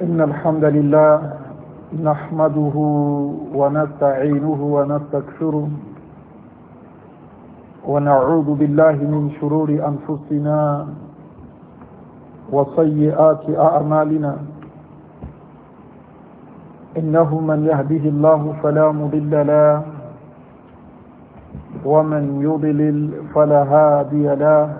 إن الحمد لله نحمده ونستعينه ونستكفره ونعوذ بالله من شرور أنفسنا وسيئات أعمالنا إنه من يهده الله فلا مضل له ومن يضلل فلا هادي له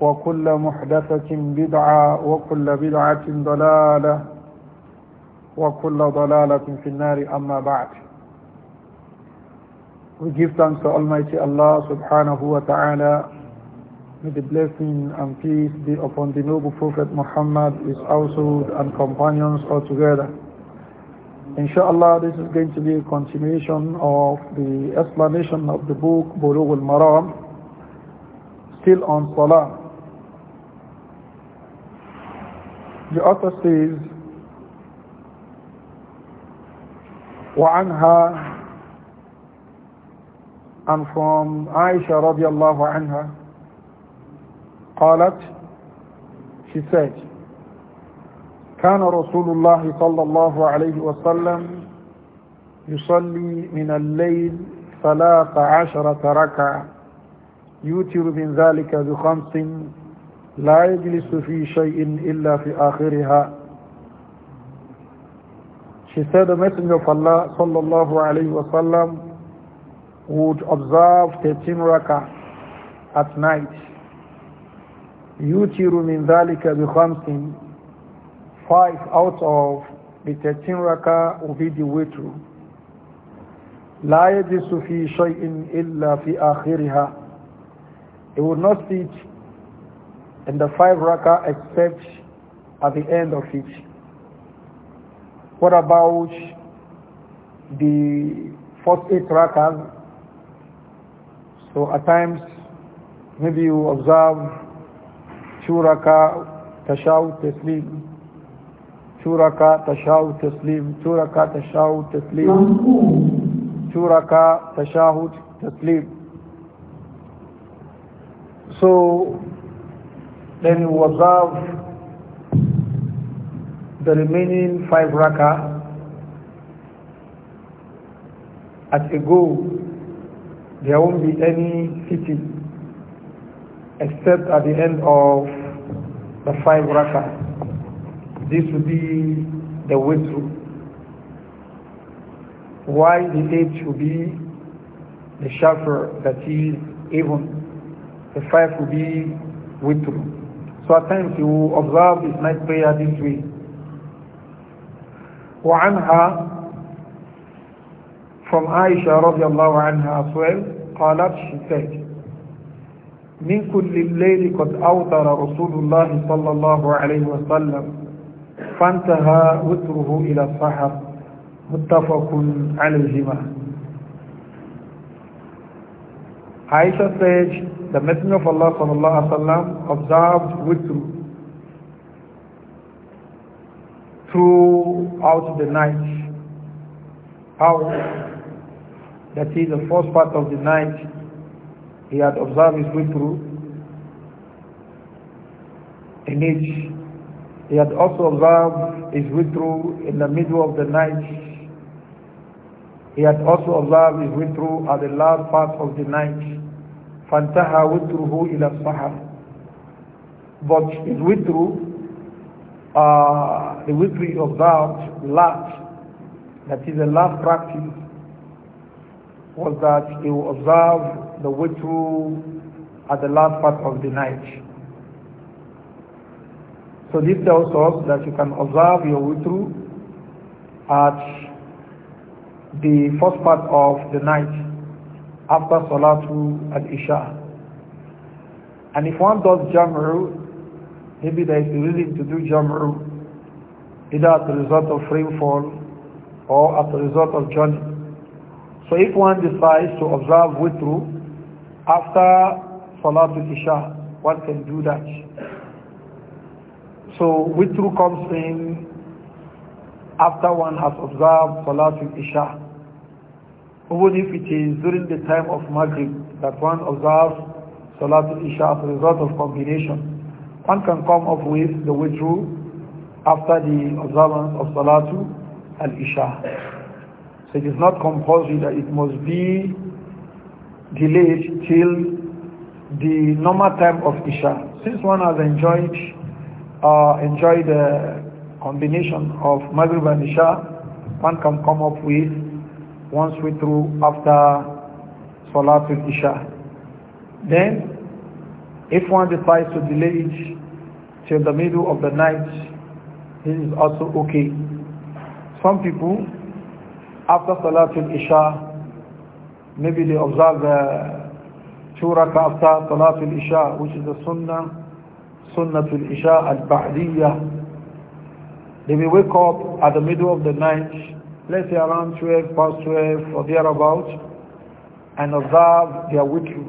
وكل محدثة بدعة وكل بدعة ضلالة وكل ضلالة في النار أما بعد We give thanks to Almighty Allah subhanahu wa ta'ala May the blessing and peace be upon the noble Prophet Muhammad, his household and companions all together. Inshallah, this is going to be a continuation of the explanation of the book Bulugh al-Maram, still on Salah. The author says, وعنها and from Aisha رضي الله عنها قالت she said كان رسول الله صلى الله عليه وسلم يصلي من الليل ثلاث عشرة ركعة يوتر من ذلك بخمس لا يجلس في شيء إلا في آخرها شساد said the Messenger of Allah sallallahu alayhi would observe 13 ركع at night. يُتِرُ مِنْ ذَلِكَ بِخَمْسٍ Five out of the 13 ركع will be the witr. لا يجلس في شيء إلا في آخرها. He would not sit And the five raka except at the end of it. What about the first eight rakahs? So at times, maybe you observe two raka, tashaw, taslim, two raka, tashaw, taslim, two raka, tashaw, taslim, two raka, tashaw, taslim. So then we observe the remaining five raka. at a go. There won't be any city except at the end of the five raka. This will be the way through. Why the eight should be the shafir that is even. The five will be witru. So at times he observe this night prayer this way. وعنها from Aisha رضي الله عنها as well قالت she said من كل الليل قد أوتر رسول الله صلى الله عليه وسلم فانتهى وتره إلى الصحر متفق عليهما Aisha said the Messenger of Allah sallallahu alaihi wasallam observed with throughout the night. How? That is the first part of the night he had observed his way In it, he had also observed his way in the middle of the night. He had also observed his way at the last part of the night. فانتهى وتره إلى الصحر but his witr, uh, the of that last that is the last practice was that he will observe the witr at the last part of the night so this tells us that you can observe your witr at the first part of the night after Salatu al-Isha. And if one does Jam'ru, maybe there is a reason to do Jam'ru, either as a result of rainfall or as a result of journey. So if one decides to observe Witru after Salatul Isha, one can do that. So Witru comes in after one has observed Salatul Isha even if it is during the time of Maghrib that one observes Salatul Isha as a result of combination, one can come up with the withdrawal after the observance of Salatul and isha So it is not compulsory that it must be delayed till the normal time of Isha. Since one has enjoyed uh, enjoyed the combination of Maghrib and Isha, one can come up with once we through after Salatul Isha. Then, if one decides to delay it till the middle of the night, this is also okay. Some people, after Salatul Isha, maybe they observe the uh, two rakah after Salatul Isha, which is the Sunnah, Sunnatul Isha al-Ba'diyah. They may wake up at the middle of the night let's say around 12, past 12 or thereabouts, and observe their witr.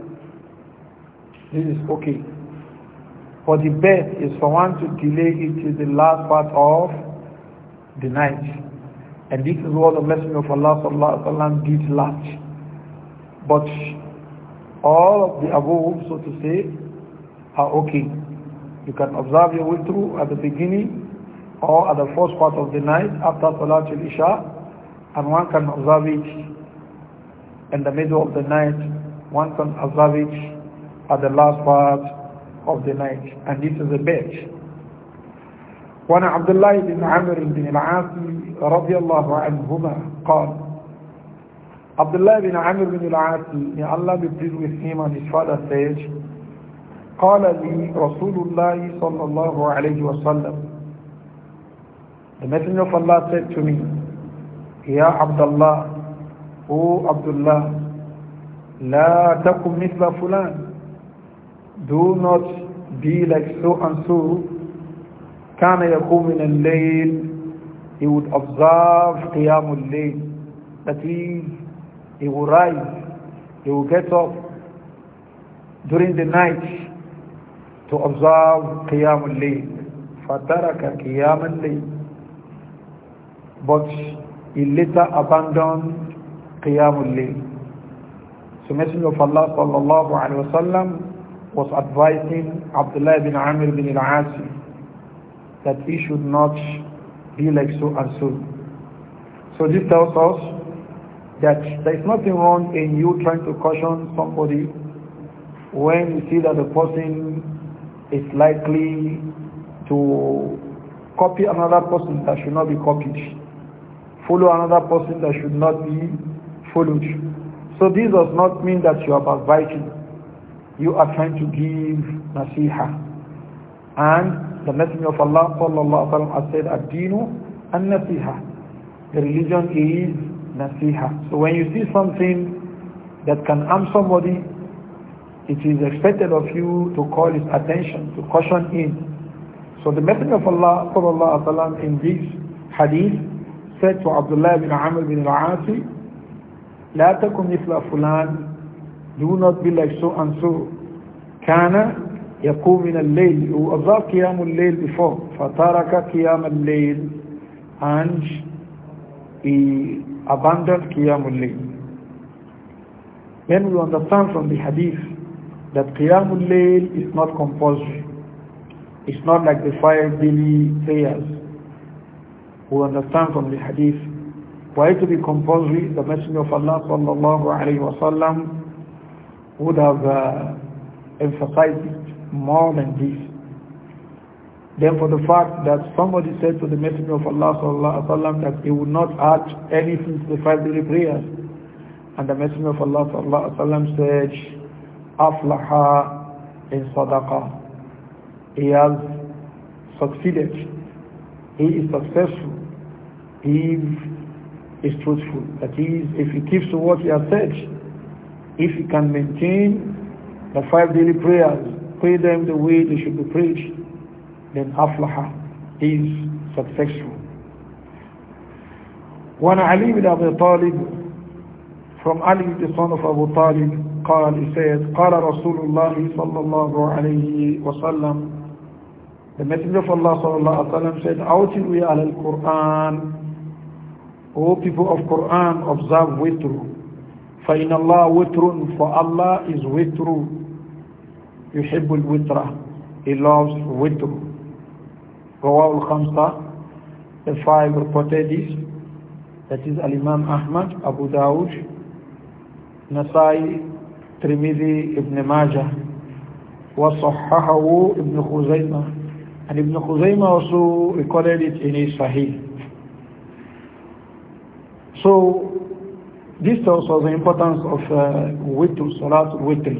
This is okay. But the best is for one to delay it to the last part of the night. And this is what the Messenger of Allah sallallahu alaihi wasallam did last. But all of the above, so to say, are okay. You can observe your through at the beginning or at the first part of the night after Salatul Isha and one can observe it in the middle of the night, one can observe it at the last part of the night, and this is a bet. وعن عبد الله بن عمرو بن العاص رضي الله عنهما قال عبد الله بن عمرو بن العاص may Allah be pleased with him and his father says قال لي رسول الله صلى الله عليه وسلم The Messenger of Allah said to me يا عبد الله أو عبد الله لا تكن مثل فلان do not be like so and so كان يقوم من الليل he would observe قيام الليل that is he will rise he will get up during the night to observe قيام الليل فترك قيام الليل but he later abandoned Qiyamul Layl. So Messenger of Allah sallallahu wasallam was advising Abdullah bin Amir bin al-Asi that he should not be like so and so. So this tells us that there is nothing wrong in you trying to caution somebody when you see that the person is likely to copy another person that should not be copied follow another person that should not be followed. So this does not mean that you are backbiting. You are trying to give nasihah. And the Messenger of Allah sallallahu alaihi wasallam said, "Ad-dinu and nasiha The religion is nasiha. So when you see something that can harm somebody, it is expected of you to call his attention, to caution him. So the Messenger of Allah sallallahu alaihi in this hadith said to Abdullah bin Amr bin al-Asi, لا تكن مثل فلان do not be like so and so كان يقوم من الليل هو observed قيام الليل before فترك قيام الليل and he abandoned قيام الليل then we understand from the hadith that قيام الليل is not compulsory. It's not like the five daily prayers. Who understand from the hadith why it to be compulsory the messenger of Allah sallallahu alaihi wasallam would have uh, emphasized it more than this then for the fact that somebody said to the messenger of Allah sallallahu alaihi wasallam that he would not add anything to the five daily prayers and the messenger of Allah sallallahu alaihi wasallam said aflaha in sadaqah he has succeeded he is successful if is truthful. That is, if he keeps to what he has said, if he can maintain the five daily prayers, pray them the way they should be preached, then aflaha is successful. When Ali ibn Abi Talib, from Ali the son of Abu Talib قال said قال رسول الله صلى الله عليه وسلم the messenger of Allah صلى الله عليه وسلم said أوتلوا على القرآن O people of Quran, observe Fa فَإِنَ اللَّهَ وِتْرٌ For Allah is witru. يُحِبُّ الْوِتْرَ He loves witru. رواه al-Khamsa, the five reported this. That is Al-Imam Ahmad, Abu Dawud, Nasai, Trimidi, Ibn Majah, وصححه ابن خزيمة and Ibn Khuzaymah also recorded it in his Sahih So this tells us the importance of uh, witr, salat witr.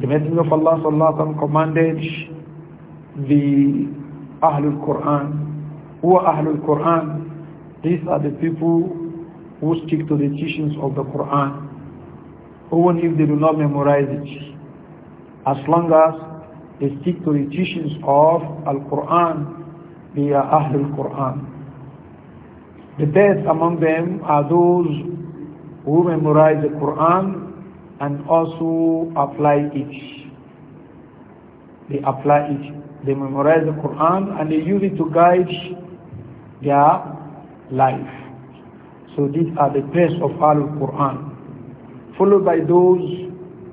The Messenger of Allah sallallahu commanded the Ahlul Quran. Who are Ahlul Quran? These are the people who stick to the teachings of the Quran, even if they do not memorize it. As long as they stick to the teachings of Al-Quran, they are Ahlul Quran. The best among them are those who memorize the Quran and also apply it. They apply it. They memorize the Quran and they use it to guide their life. So these are the best of Al-Quran. Followed by those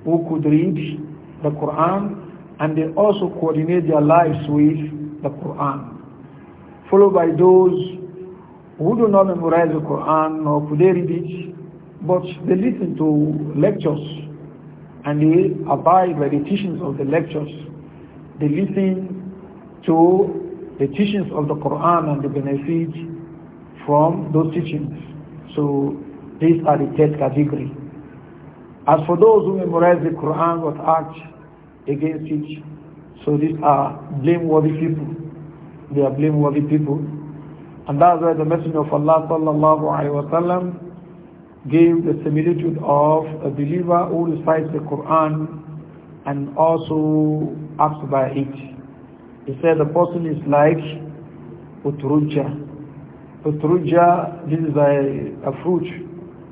who could read the Quran and they also coordinate their lives with the Quran. Followed by those who do not memorize the Quran or could they read it, but they listen to lectures and they abide by the teachings of the lectures. They listen to the teachings of the Quran and they benefit from those teachings. So these are the third category. As for those who memorize the Quran but act against it, so these are blameworthy people. They are blameworthy people and that's why the Messenger of Allah sallallahu alayhi wa sallam gave the similitude of a believer who recites the Quran and also acts by it. He said the person is like Utruja. Utruja, this is a, a fruit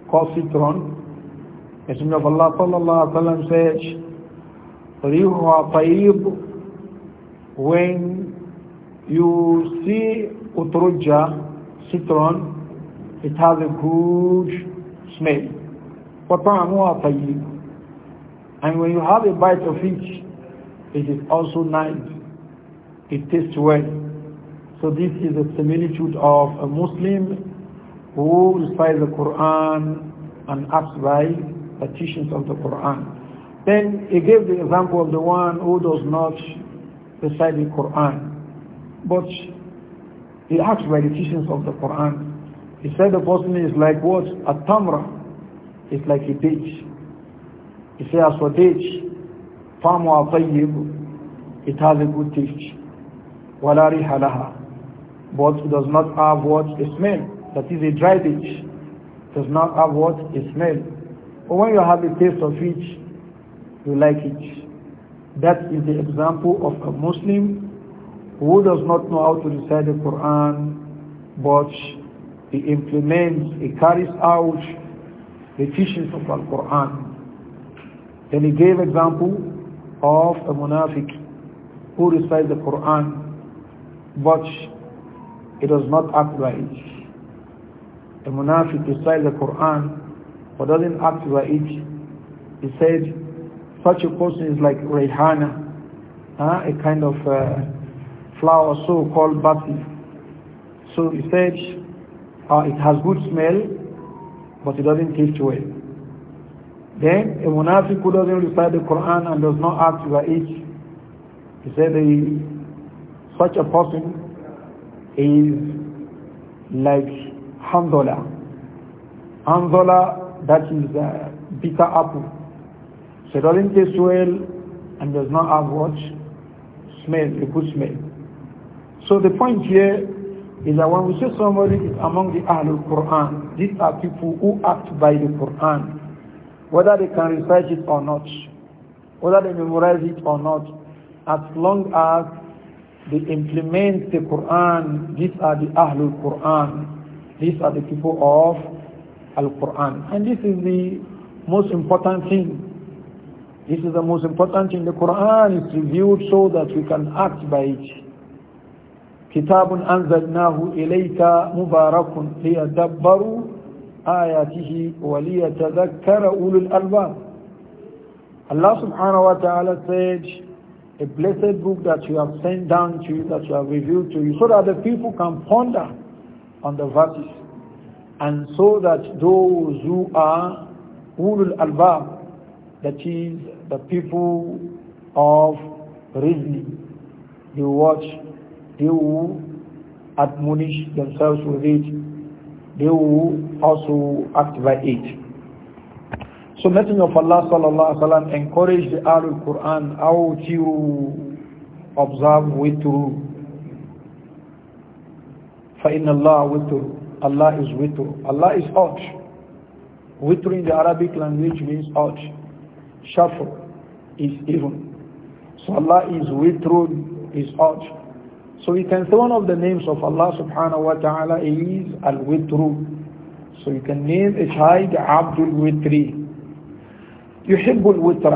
called citron. Messenger of Allah sallallahu alayhi wa sallam said, Rihuha when you see utroja, citron, it has a good smell. وَطَعَمُهَا And when you have a bite of it, it is also nice. It tastes well. So this is a similitude of a Muslim who recites the Quran and acts by the teachings of the Quran. Then he gave the example of the one who does not recite the Quran. But he acts by the teachings of the Quran. He said the person is like what? A tamra. It's like a date. He said, as for date, famu it has a good taste. Walari riha But it does not have what? A smell. That is a dry It Does not have what? A smell. But when you have a taste of it, you like it. That is the example of a Muslim who does not know how to recite the Quran but he implements, he carries out the teachings of the Quran. Then he gave example of a munafiq who recites the Quran but it does not act right. A munafiq recites the Quran but doesn't act right. He said such a person is like Rayhana, a kind of uh, flower so called bati. So he said uh, it has good smell but it doesn't taste well. Then a munafiq who doesn't recite the Quran and does not act over it, he said such a person is like Hamdullah. Hamdullah, that is uh, bitter apple. So it doesn't taste well and does not have what? Smell, a good smell. So the point here is that when we say somebody is among the Ahlul Quran, these are people who act by the Quran, whether they can recite it or not, whether they memorize it or not, as long as they implement the Quran, these are the Ahlul Quran, these are the people of Al-Quran. And this is the most important thing. This is the most important thing. The Quran is revealed so that we can act by it. كتاب أنزلناه إليك مبارك ليدبروا آياته وليتذكر أولو الألباب Allah subhanahu wa ta'ala said, a blessed book that you have sent down to you, that you have revealed to you, so that the people can ponder on the verses, and so that those who are ulul albab, that is the people of reasoning, they watch they will admonish themselves with it, they will also act by it. So Messenger of Allah sallallahu alaihi wasallam encouraged the Ahlul Quran how to observe witr. فَإِنَّ اللَّهَ witr. Allah is witr. Allah is out. Witr in the Arabic language means out. Shafr is even. So Allah is witrun, is out. So you can say one of the names of Allah subhanahu wa ta'ala is Al-Witru. So you can name a child Abdul Witri. Yuhibbul Witr.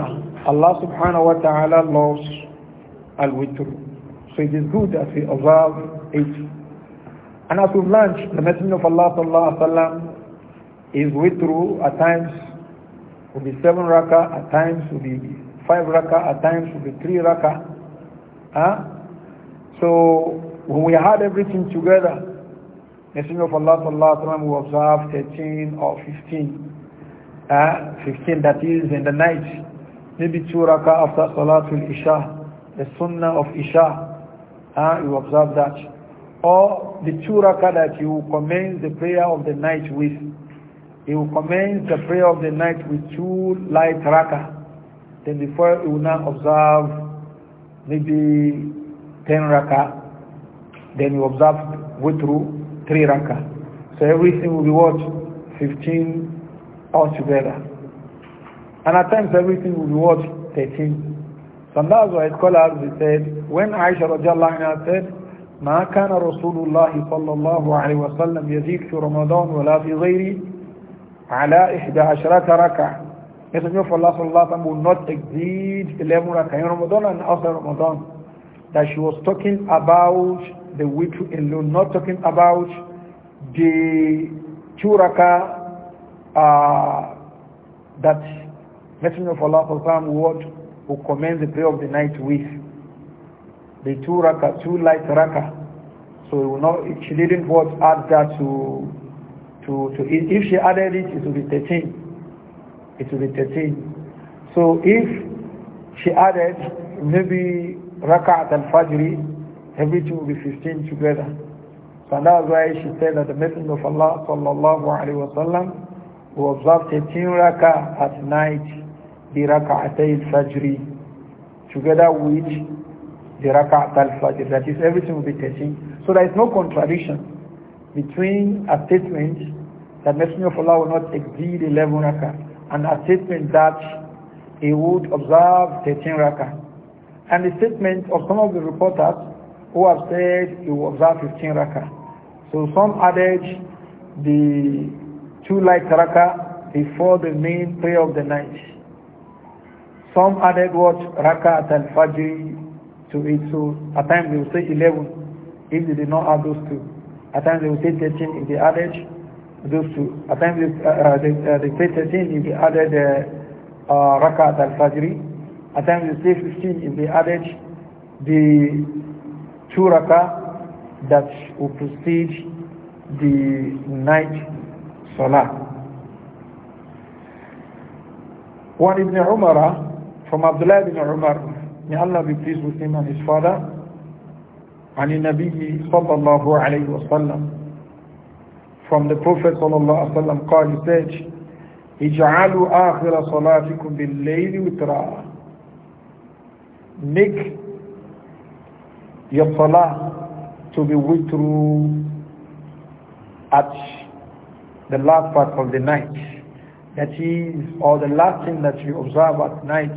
Allah subhanahu wa ta'ala loves Al-Witru. So it is good that we observe it. And as we've learned, the Messenger of Allah sallallahu alaihi wasallam is Witru at times will be seven raka, at times will be five raka, at times will be three raka. Huh? So when we had everything together, Messenger of Allah sallallahu alaihi wasallam observed 13 or 15. Uh, 15 that is in the night, maybe two rakah after Salatul Isha, the Sunnah of Isha, uh, you observe that. Or the two rakah that you commence the prayer of the night with, you commence the prayer of the night with two light rakah. Then before you will now observe maybe 10 raka, Then you observe witru, 3 raka, So everything will be what? 15 altogether. And at times everything will be what? 13. So that's why scholars said, when Aisha radiallahu anha said, ما كان رسول الله صلى الله عليه وسلم يزيد في رمضان ولا في غيره على إحدى عشرة ركعة Messenger of Allah صلى الله عليه وسلم will not exceed 11 rakah in Ramadan and after Ramadan that she was talking about the witr alone, not talking about the churaka uh, that Messenger of Allah what who commence the prayer of the night with. The two raka, two light raka. So it will not, she didn't what add that to, to, to, if she added it, it will be 13. It will be 13. So if she added maybe Raka'at al-Fajr, everything will be 15 together. So that's why she said that the Messenger of Allah sallallahu alaihi wa who observed 13 rak'ah at night, the rak'atay al-Fajr, together with the rak'at al-Fajr. That is, everything will be 13. So there is no contradiction between a statement that Messenger of Allah will not exceed 11 rak'ah and a statement that he would observe 13 rak'ah and the statement of some of the reporters who have said it was 15 rakah. So some added the two light rakah before the main prayer of the night. Some added what rakah al fajr to it. So at times they will say 11 if they did not add those two. At times they will say 13 if they added those two. At times they, uh, they, uh, they say 13 if they added uh, uh, rakah al fajr. At times they say 15 In the added the two raka that will precede the night salah. One Ibn Umar from Abdullah ibn Umar, may Allah be pleased with him and his father, عن النبي صلى الله عليه وسلم from the Prophet صلى الله عليه وسلم قال he said اجعلوا آخر صلاتكم بالليل وترا make your salah to be witru at the last part of the night. That is, or the last thing that you observe at night,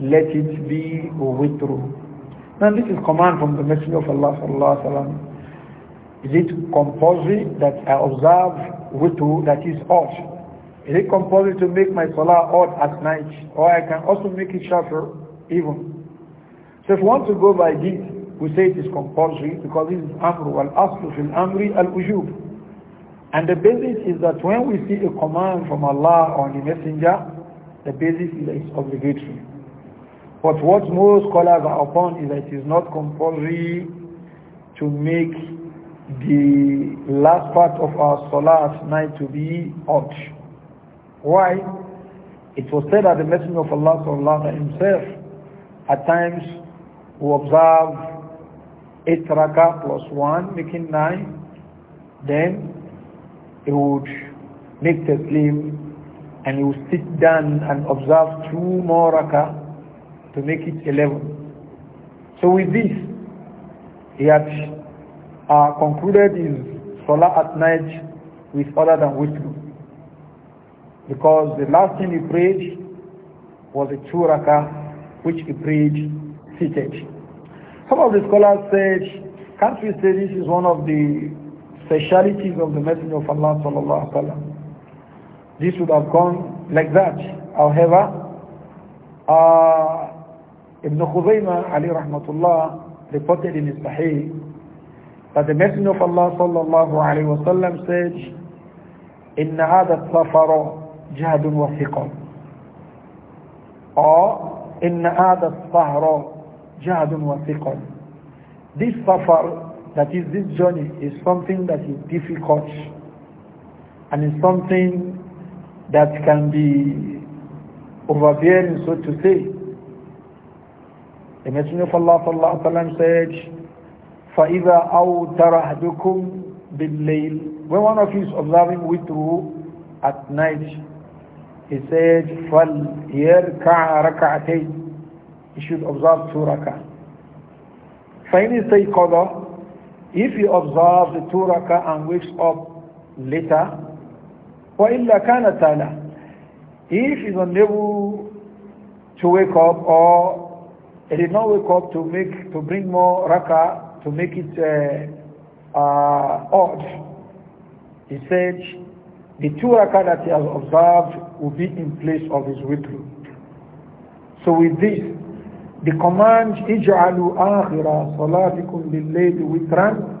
let it be witru. Now this is command from the Messenger of Allah sallallahu alaihi wasallam. Is it compulsory that I observe you that is odd? Is it compulsory to make my salah odd at night? Or I can also make it shorter even? So if we want to go by this, we say it is compulsory because this is amr wal aslu fil amri al ujub. And the basis is that when we see a command from Allah on the messenger, the basis is that it's obligatory. But what most scholars are upon is that it is not compulsory to make the last part of our salah night to be odd. Why? It was said that the Messenger of Allah himself at times who observe eight rakah plus one, making nine, then he would make taslim and he would sit down and observe two more rakah to make it 11. So with this, he had uh, concluded his salah at night with other than witr. Because the last thing he prayed was a two raka, which he prayed seated. Some of the scholars said, can't we say this is one of the specialities of the Messenger of Allah sallallahu alaihi wasallam? This would have gone like that. However, uh, Ibn Khuzaymah Ali rahmatullah reported in his Sahih that the Messenger of Allah sallallahu alaihi wasallam said, "Inna hada safar jahadun wa thiqan." Or "Inna hada sahra jahadun wa thiqal. This safar, that is this journey, is something that is difficult and is something that can be overbearing, so to say. The Messenger of Allah sallallahu alaihi wasallam said, فَإِذَا أَوْتَرَ أَحْدُكُمْ بِاللَّيْلِ When one of you is observing witru at night, he said, فَلْيَرْكَعَ رَكَعَتَيْنِ he should observe two rakah. فَإِنِ اسْتَيْقَظَ If he observes the two rakah and wakes up later, وَإِلَّا كَانَ تَعْلَى If he is unable to wake up or he did not wake up to make to bring more rakah to make it uh, uh, odd, he said the two rakah that he has observed will be in place of his witr. So with this, the command, اجعلوا آخر صلاتكم بالليل witran,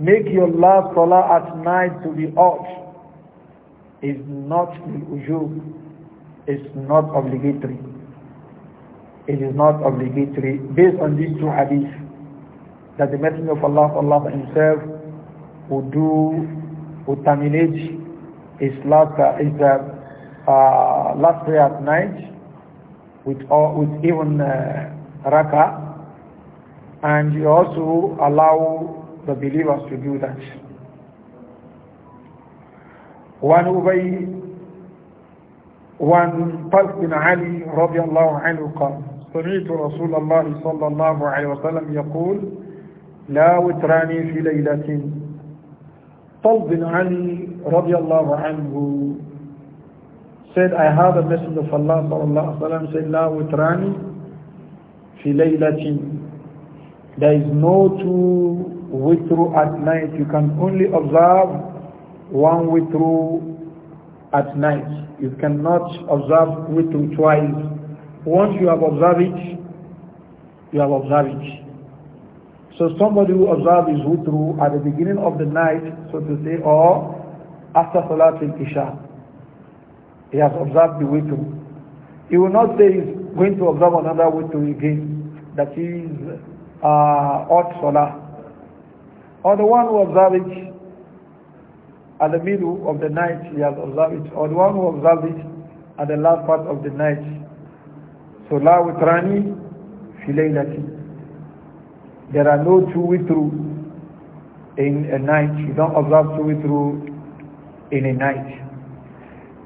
make your last salah at night to be urged, is not ujub, is not obligatory. It is not obligatory based on these two hadith that the Messenger of Allah, Allah himself, would do, would terminate his last, uh, his, uh, uh, last prayer at night with, all, with even uh, raka and you also allow the believers to do that. وعن أبي وعن طلق بن علي رضي الله عنه قال سمعت رسول الله صلى الله عليه وسلم يقول لا وتران في ليلة طلق بن علي رضي الله عنه said, I heard the message of Allah sallallahu alayhi wa say, La witrani fi There is no two witru at night. You can only observe one witru at night. You cannot observe witru twice. Once you have observed it, you have observed it. So somebody who observes his witru at the beginning of the night, so to say, or after Salatul Isha he has observed the way to. He will not say he's going to observe another way to again, that is uh, odd solar. Or the one who observes it at the middle of the night, he has observed it. Or the one who observes it at the last part of the night. So la witrani filaylati. There are no two through in a night. You don't observe two through in a night.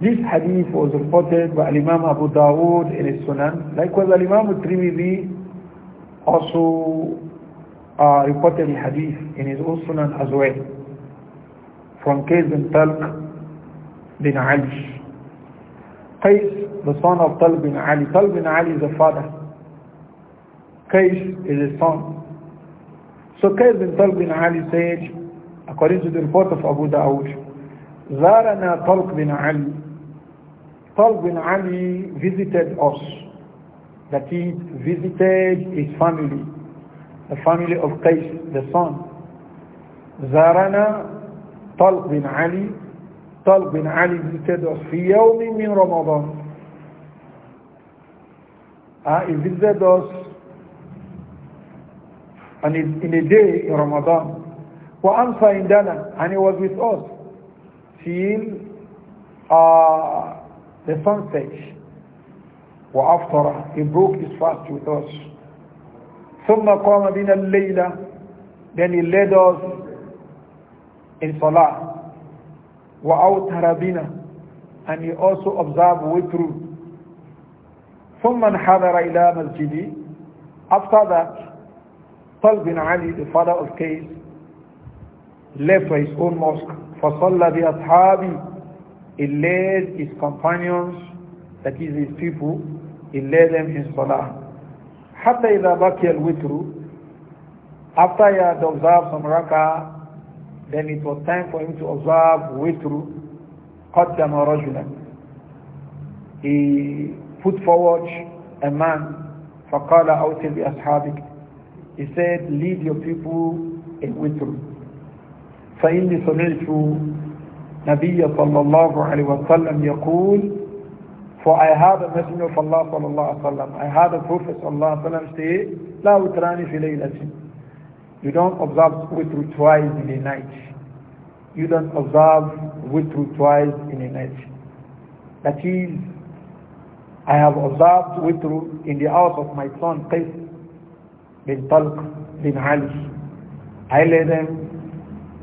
This hadith was reported by Imam Abu Dawood in his Sunan. Likewise, Imam Trimidi also uh, reported the hadith in his own Sunan as well. From Qais bin Talq bin Ali. Qais, the son of Talq bin Ali. Talq bin Ali is the father. Qais is his son. So Qais bin Talq bin Ali said, according to the report of Abu Dawood, زارنا طلق بن علي Talb bin Ali visited us, that he visited his family, the family of Qais, the son. Zarana Talb bin Ali, Talb bin Ali visited us في يوم من Ramadan. Uh, he visited us and in a day in Ramadan. ansa indana, and he was with us till uh, the sunset. وأفطر he broke his fast with us ثم قام بنا الليلة then he led us in salah وأوتر بنا and he also observed witr ثم انحدر إلى مسجدي after that Tal Ali the father of case left for his own mosque فصلى بأصحابي he led his companions, that is his people, he led them in Salah. حتى إذا بقي witr, after he had observed some rakah, then it was time for him to observe witr. qaddama rajulan. He put forward a man, فَقَالَ أَوْتِ بِأَصْحَابِكَ He said, lead your people in witru. فَإِنِّي سَمِعْتُ نبي صلى الله عليه وسلم يقول For I had a messenger of Allah صلى الله عليه وسلم I had a prophet صلى الله عليه وسلم say لا وتراني في ليلة You don't observe witr twice in a night You don't observe witr twice in a night That is I have observed witr in the house of my son Qais bin Talq bin Ali I led them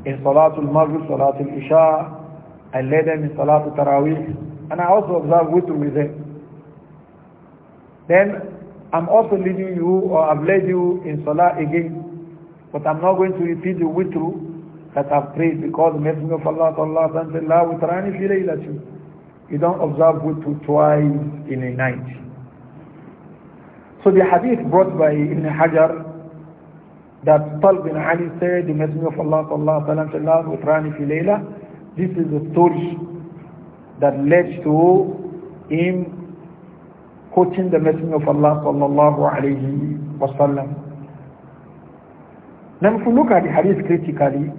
in Salatul Maghrib, Salatul Isha, I led them in to Taraweeh and I also observe witr with them. Then I'm also leading you or I've led you in Salah again but I'm not going to repeat the witr that I've prayed because the Messenger of Allah Sallallahu Alaihi Wasallam witrani fi laylatin you don't observe witr twice in a night. So the hadith brought by Ibn Hajar that Tal bin Ali said the Messenger of Allah Sallallahu Allah Wasallam witrani fi laylatin this is the story that led to him quoting the message of Allah sallallahu alayhi wa sallam. Now if you look at the hadith critically,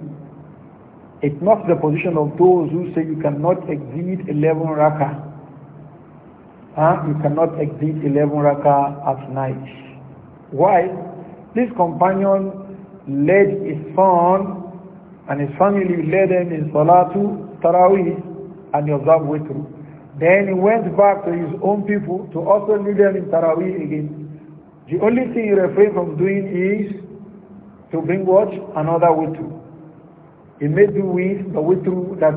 it not the position of those who say you cannot exceed 11 rakah. Huh? You cannot exceed 11 rakah at night. Why? This companion led his son and his family led them in Salatu Taraweeh and he observed Then he went back to his own people to also lead them in Taraweeh again. The only thing he refrained from doing is to bring what? Another witru. He made do with the witru that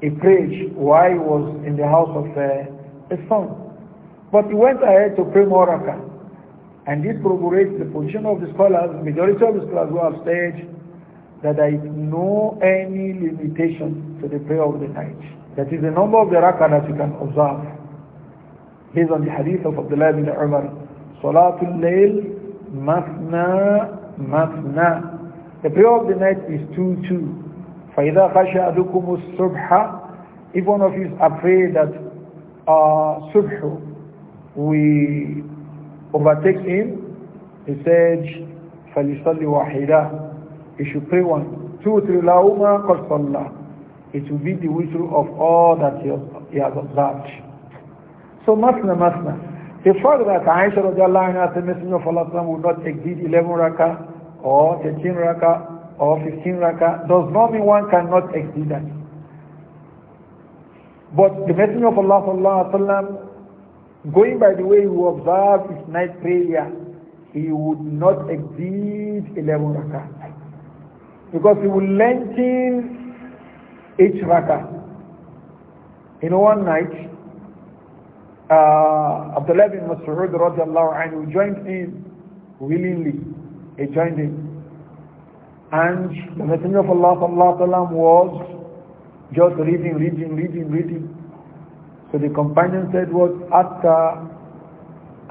he preached while he was in the house of uh, his son. But he went ahead to pray more And this corroborates the position of the scholars, majority of the scholars who have said that there is no any limitation to the prayer of the night. That is the number of the rak'ah that you can observe. Based on the hadith of Abdullah bin Umar, Salatul Layl, Mathna, Mathna. The prayer of the night is two, two. فَإِذَا خَشَ أَدُكُمُ الصُّبْحَ If one of you is afraid that uh, subh we overtake him, he said, فَلِصَلِّ وَحِدَةً you should pray one, two, three, laumah, It will be the wisdom of all that he has observed. So masna masna. The fact that Aisha radiallahu anha, the Messenger of Allah would not exceed 11 raka or 13 raka or 15 raka does not mean one cannot exceed that. But the Messenger of Allah sallallahu going by the way he observed his night prayer, he would not exceed 11 raka. Because he will lengthen each rakah. In one night, uh, Abdullah bin Mas'ud radiallahu anhu joined in willingly. He joined in. And the Messenger of Allah sallallahu alayhi was just reading, reading, reading, reading. So the companion said what? Atta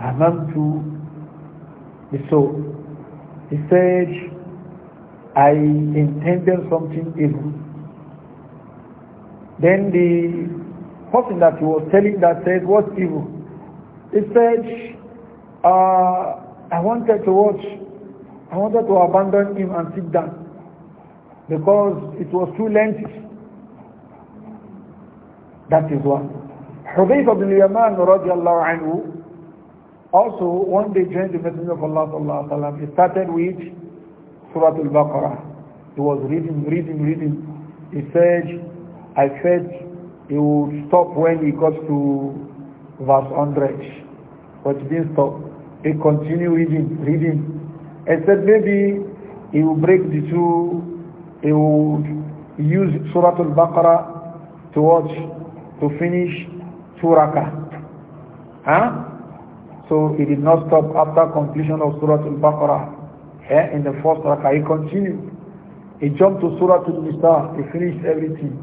amamtu the soul. He said, I intended something evil. Then the person that he was telling that said, what evil? He said, uh, I wanted to watch, I wanted to abandon him and sit down because it was too lengthy. That is one. Hudayf ibn Yaman radiallahu anhu also one day joined the Messenger of Allah sallallahu He started with Surah Al-Baqarah. He was reading, reading, reading. He said, I said he would stop when he got to verse 100. But he didn't stop. He continued reading, reading. I said maybe he will break the two, he would use Surah Al-Baqarah to watch, to finish two rakah. Huh? So he did not stop after completion of Surah Al-Baqarah eh, in the first rakah. He continued. He jumped to Surah Al-Nisa. He finished everything.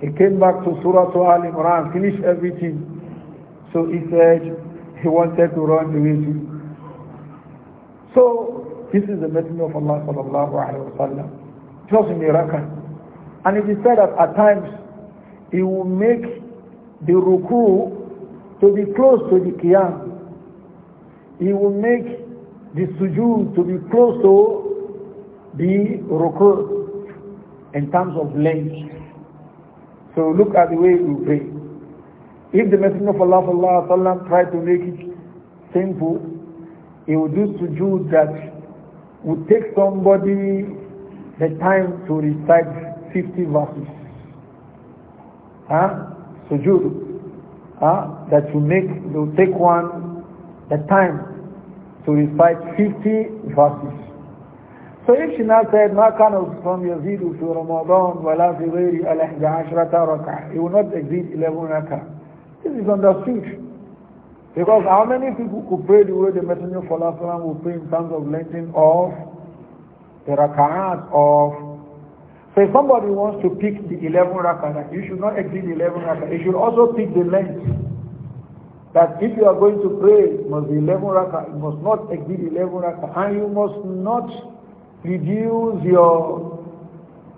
He came back to Surah Al-Imran, finished everything. So he said he wanted to run the too. So this is the message of Allah sallallahu alayhi wa sallam. Just in Iraqan. And it is said that at times he will make the ruku to be close to the qiyam. He will make the sujood to be close to the ruku in terms of length. So look at the way we pray. If the Messenger of Allah sallallahu sallam, tried to make it simple, he would do sujood that would take somebody the time to recite 50 verses. Huh? Sujood. Huh? That you make, you take one, the time to recite 50 verses. So if she now said, ما كان from يزيد في رمضان ولا في غير الأحد عشرة ركعة, it will not exceed 11 rak'ah. This is understood. Because how many people could pray the way the Messenger of Allah would pray in terms of lengthening of the rak'ahs of so if somebody wants to pick the 11 rak'ah, you should not exceed the 11 rak'ah. You should also pick the length that if you are going to pray, it must be 11 rakah, it must not exceed 11 rakah, and you must not reduce your,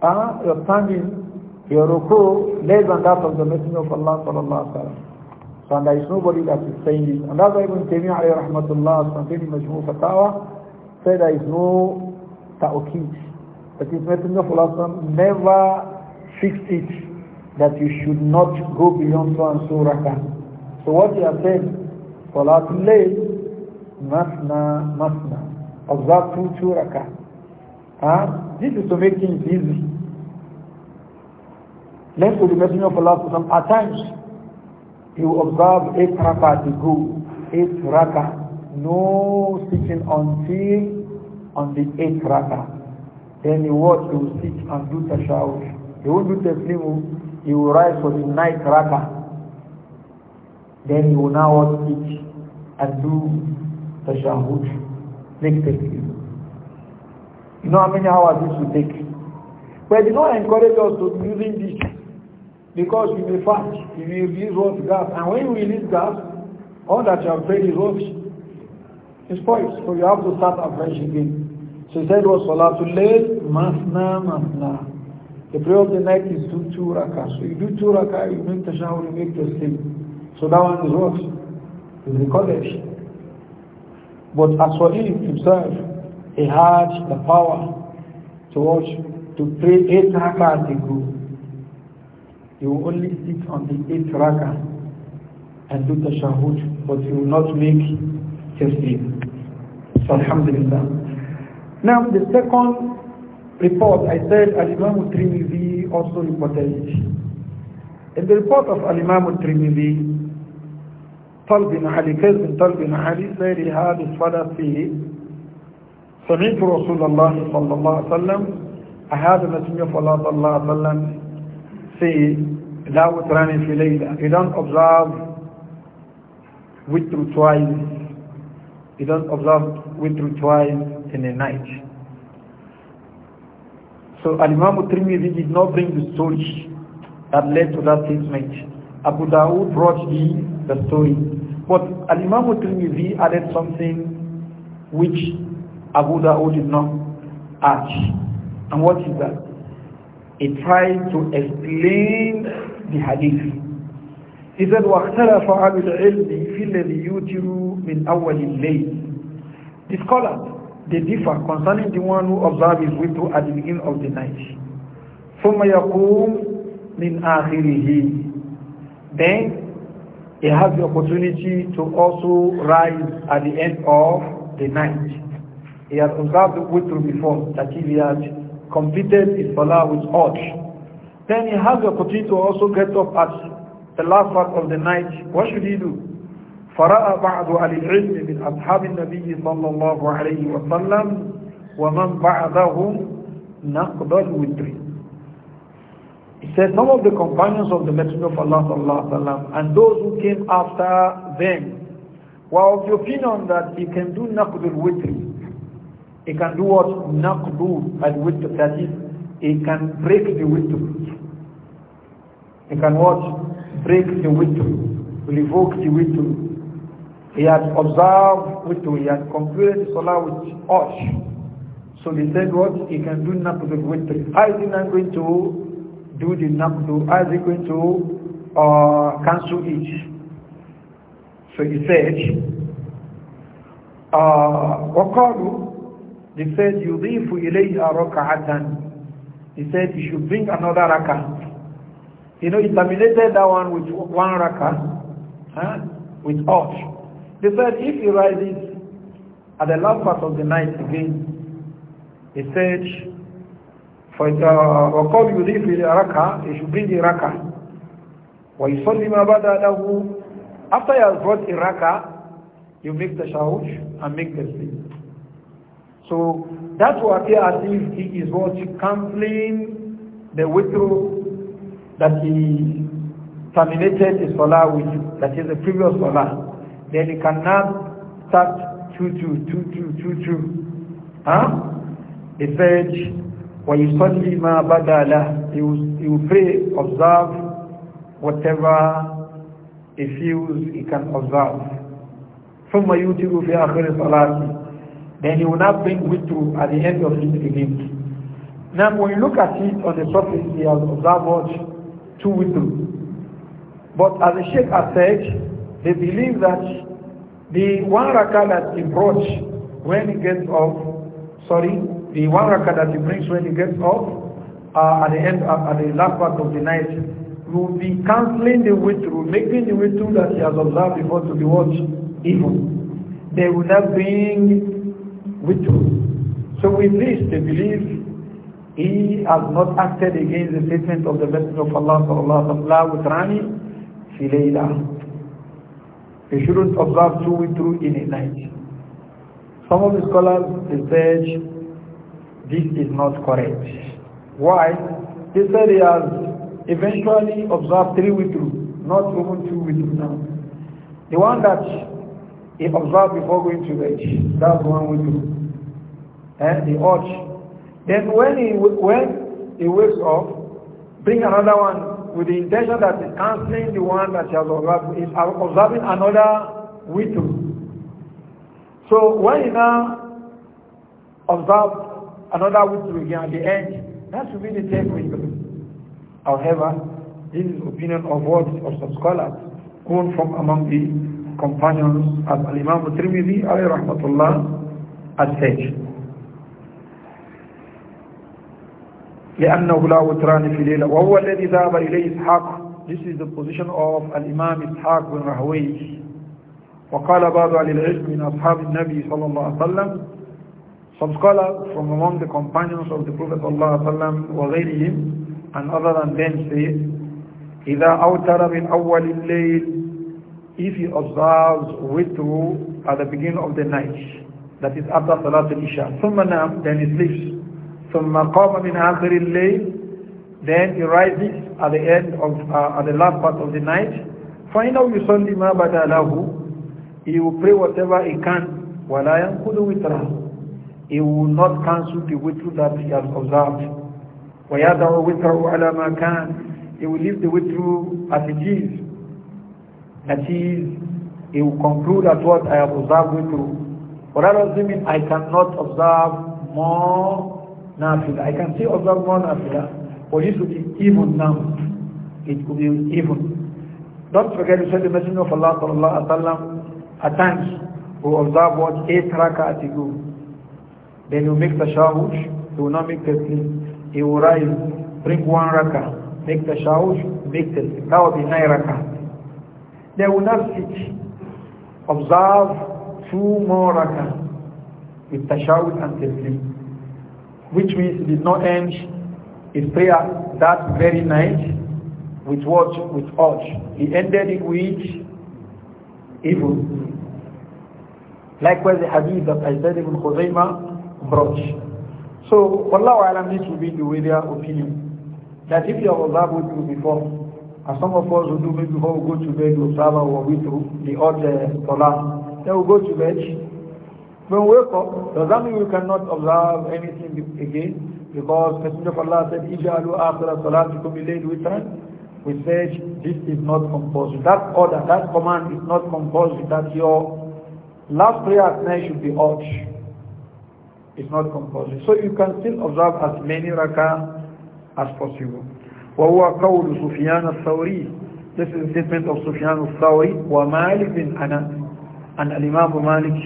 uh, your standing, your ruku, less than that of the Messenger of Allah sallallahu alaihi wasallam. So and there is nobody that is saying this. And that's why Ibn Taymiyyah alayhi rahmatullah, Santini Majmu Fatawa, said there is no ta'ukid. That is Messenger of Allah never fixed it that you should not go beyond so and so rakah. So what you are saying, for al-Layl, Masna, Masna. Observe two, two rakah. Huh? This is to make things easy. Next to the Messenger of Allah, at times, he will observe eight raka, to go. Eight raka, No sitting until on the eighth raka. Then he what? you will sit and do tashawush. He won't do taslimu. Oh. He will rise for the ninth raka. then you will now teach and do the tashahud, make takbir. You know how many hours this will take. But do not encourage us to using this because we may fast, we will use what gas, and when we release gas, all that you have prayed is what It's spoiled. So you have to start afresh again. So he said was to Layl, Masna, Masna. The prayer of the night is two, two rakah. So you do two rakah, you make the tashahud, you make the same. So that one is the college. But as for him himself, he had the power to watch, to pray eight rakah as group. He will only sit on the eighth raka and do the shahud, but he will not make tasbih. So alhamdulillah. Now the second report, I said Al-Imam al also reported it. In the report of Al-Imam طلب محلي كيف من طلب محلي غيرها للصلاة فيه سمعت رسول الله صلى الله عليه وسلم هذا ما سمي صلى الله عليه وسلم say لا وتراني في ليلة you don't observe witr twice you don't observe witr twice in the night so Al-Imam Tirmidhi did not bring the story that led to that statement Abu Dawud brought the, the story but Al-Imam Tirmidhi added something which Abu Dawud did not add. And what is that? He tried to explain the hadith. He said, وَاخْتَلَفَ عَبِ الْعِلْمِ فِي الَّذِي يُوتِرُ مِنْ أَوَّلِ اللَّيْلِ The scholars, they differ concerning the one who observes his at the beginning of the night. ثُمَّ يَقُومُ مِنْ آخِرِهِ Then he has the opportunity to also rise at the end of the night. He has observed the witr before, that he had completed his salah with urge. Then he has the opportunity to also get up at the last part of the night. What should he do? فرأى بعض أهل العلم من أصحاب النبي صلى الله عليه وسلم ومن بعدهم نقض الوتر He said, some of the companions of the Messenger of Allah sallallahu and those who came after them were of the opinion that he can do naqdul witr. He can do what? Naqdu al witr. That is, he can break the witr. He can what? Break the witr. Revoke the witr. He had observed witr. He had completed salah with us. So he said what? He can do naqdul witr. I he not going to do the naqdu as equal to uh, cancel it. So he said, uh, وقالوا, they said, يضيف إليها ركعة. He said, you should bring another rakah. You know, he terminated that one with one rakah, huh? with odd. He said, if he rises at the last part of the night again, he said, فإذا وقال يضيف إلى ركعة he should bring a ركعة ويصلي ما بدا له after he has brought a ركعة you make the shout and make the sleep so that will appear as if he is what cancelling the withdrawal that he terminated his salah with, that is the previous salah. Then he cannot start two two two two two two. Huh? He said وَيُصَلِّي مَا بَدَى لَهُ He will, he will pray, observe whatever he feels he can observe. ثُمَّ يُوتِرُ فِي آخِرِ صَلَاتِ Then he will not bring witru at the end of his evening. Now when you look at it on the surface, he has observed what? Two witru. But as the Sheikh has said, they believe that the one rakah that he brought when he gets off, sorry, the one rakah that he brings when he gets up uh, at the end uh, at the last part of the night will be cancelling the witr, making the witr that he has observed before to be what? Evil. They will not bring witr. So with this, they believe he has not acted against the statement of the Messenger of Allah sallallahu alaihi wasallam filayla. He shouldn't observe two witr in a night. Some of the scholars, they said, this is not correct. Why? They said he has eventually observed three witru, not even two witru now. The one that he observed before going to bed, that's one witru. And eh? the urge. Then when he when he wakes up, bring another one with the intention that he's cancelling the one that he has observed, is observing another witru. So when he now observes another witr again at the end. That should be the third witr. However, this is opinion of what of some scholars, even from among the companions as Al Imam Tirmidhi alayhi rahmatullah has said. لأنه لا وتران في ليلة وهو الذي ذهب إليه إسحاق This is the position of الإمام إسحاق بن رهوي وقال بعض أهل العلم من أصحاب النبي صلى الله عليه وسلم some scholars from among the companions of the Prophet ﷺ وغيرهم and other than them say, إِذَا أَوْتَرَ مِنْ أَوَّلِ اللَّيْلِ If he observes witru at the beginning of the night, that is after Salat al-Isha, ثُمَّ نَام, then he sleeps, ثُمَّ قَامَ مِنْ آخِرِ اللَّيْلِ Then he rises at the end of, uh, at the last part of the night, فَإِنَّهُ يُصَلِّ مَا بَدَى لَهُ He will pray whatever he can, وَلَا يَنْقُدُ وِتْرَهُ he will not cancel the withdrawal that he has observed. وَيَدَعُ وِتْرَهُ عَلَى مَا كَانَ He will leave the withdrawal as it is. That is, he will conclude that what I have observed withdrawal. But that doesn't mean I cannot observe more nafila. I can still observe more nafila. But this will be even now. It will be even. Don't forget, to say the message of Allah sallallahu alaihi wasallam at times will observe what eight rak'ah to then you make make tashahud, you will not make taslim. He will rise, bring one rakah, make tashahud, make taslim. That will be nine rakah. They will not sit. Observe two more rakah with tashahud and taslim. Which means it is not end in prayer that very night with watch, With urge. He ended it with evil. Likewise, the hadith that I said Ibn Khuzaymah brought. So, Allah Alam, this will be the way their opinion. That if you have observed what you before, as some of us will do maybe before we go to bed, we'll observe our way through the order of uh, Allah. Then we go to bed. When we wake up, does that mean we cannot observe anything again? Because Messenger of Allah said, Ija'alu akhira salatikum ilayl witran. We said, this is not compulsory. That order, that command is not compulsory. That your last prayer at night should be urged is not compulsory. So you can still observe as many rak'ah as possible. وَهُوَ قَوْلُ سُفْيَانَ الثَّوْرِي This is statement of Sufyan al-Thawri وَمَالِكْ بِنْ أَنَسْ And Al-Imam Malik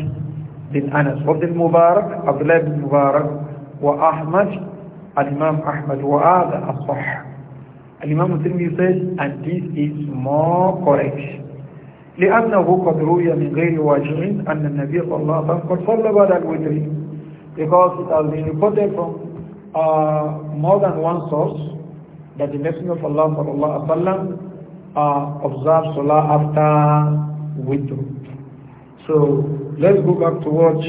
bin Anas. وَبْدِ Mubarak, Abdullah bin Mubarak وَأَحْمَدْ Al-Imam Ahmad وَآذَ أَصَحْ Al-Imam Muslimi says, and this is more correct. لأنه قد روي من غير واجهين أن النبي صلى الله عليه وسلم قد صلى because it has been reported from uh, more than one source that the Messenger of Allah sallallahu alaihi wasallam uh, observed Salah after witr. So let's go back to watch,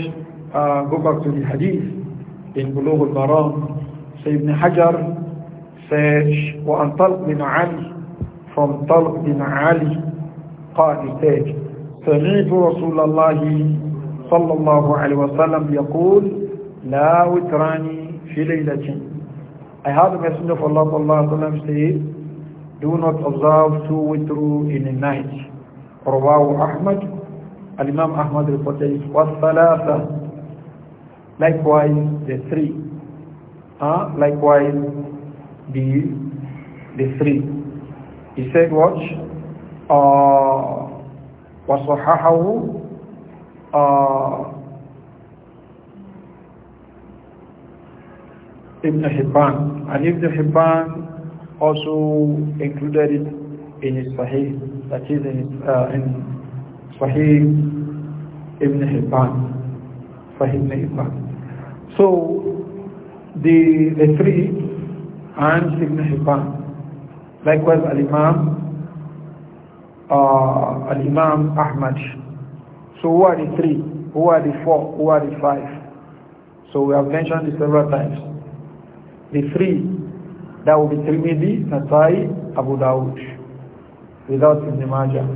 uh, go back to the hadith in Bulugh al-Maram. Sayyidina Ibn Hajar says, وأن طلق بن علي from طلق بن علي قال سيد سمعت رسول الله صلى الله عليه وسلم يقول La witrani fi laylatin. I heard the Messenger of Allah sallallahu say, do not observe two with two in a night. Rawahu Ahmad, Al-Imam Ahmad reported, was Likewise, the three. Huh? Likewise, the, the three. He said what? was uh, وصححه uh, Ibn Hibban. And Ibn Hibban also included it in his Sahih, that is in, uh, in Sahih Ibn Hibban. Sahih Ibn Hibban. So the, the three and Ibn Hibban. Likewise, Al-Imam uh, Al-Imam Ahmad. So who are the three? Who are the four? Who are the five? So we have mentioned this several times the free That will be Tirmidhi, Nasai, Abu Dawud, without Ibn Majah.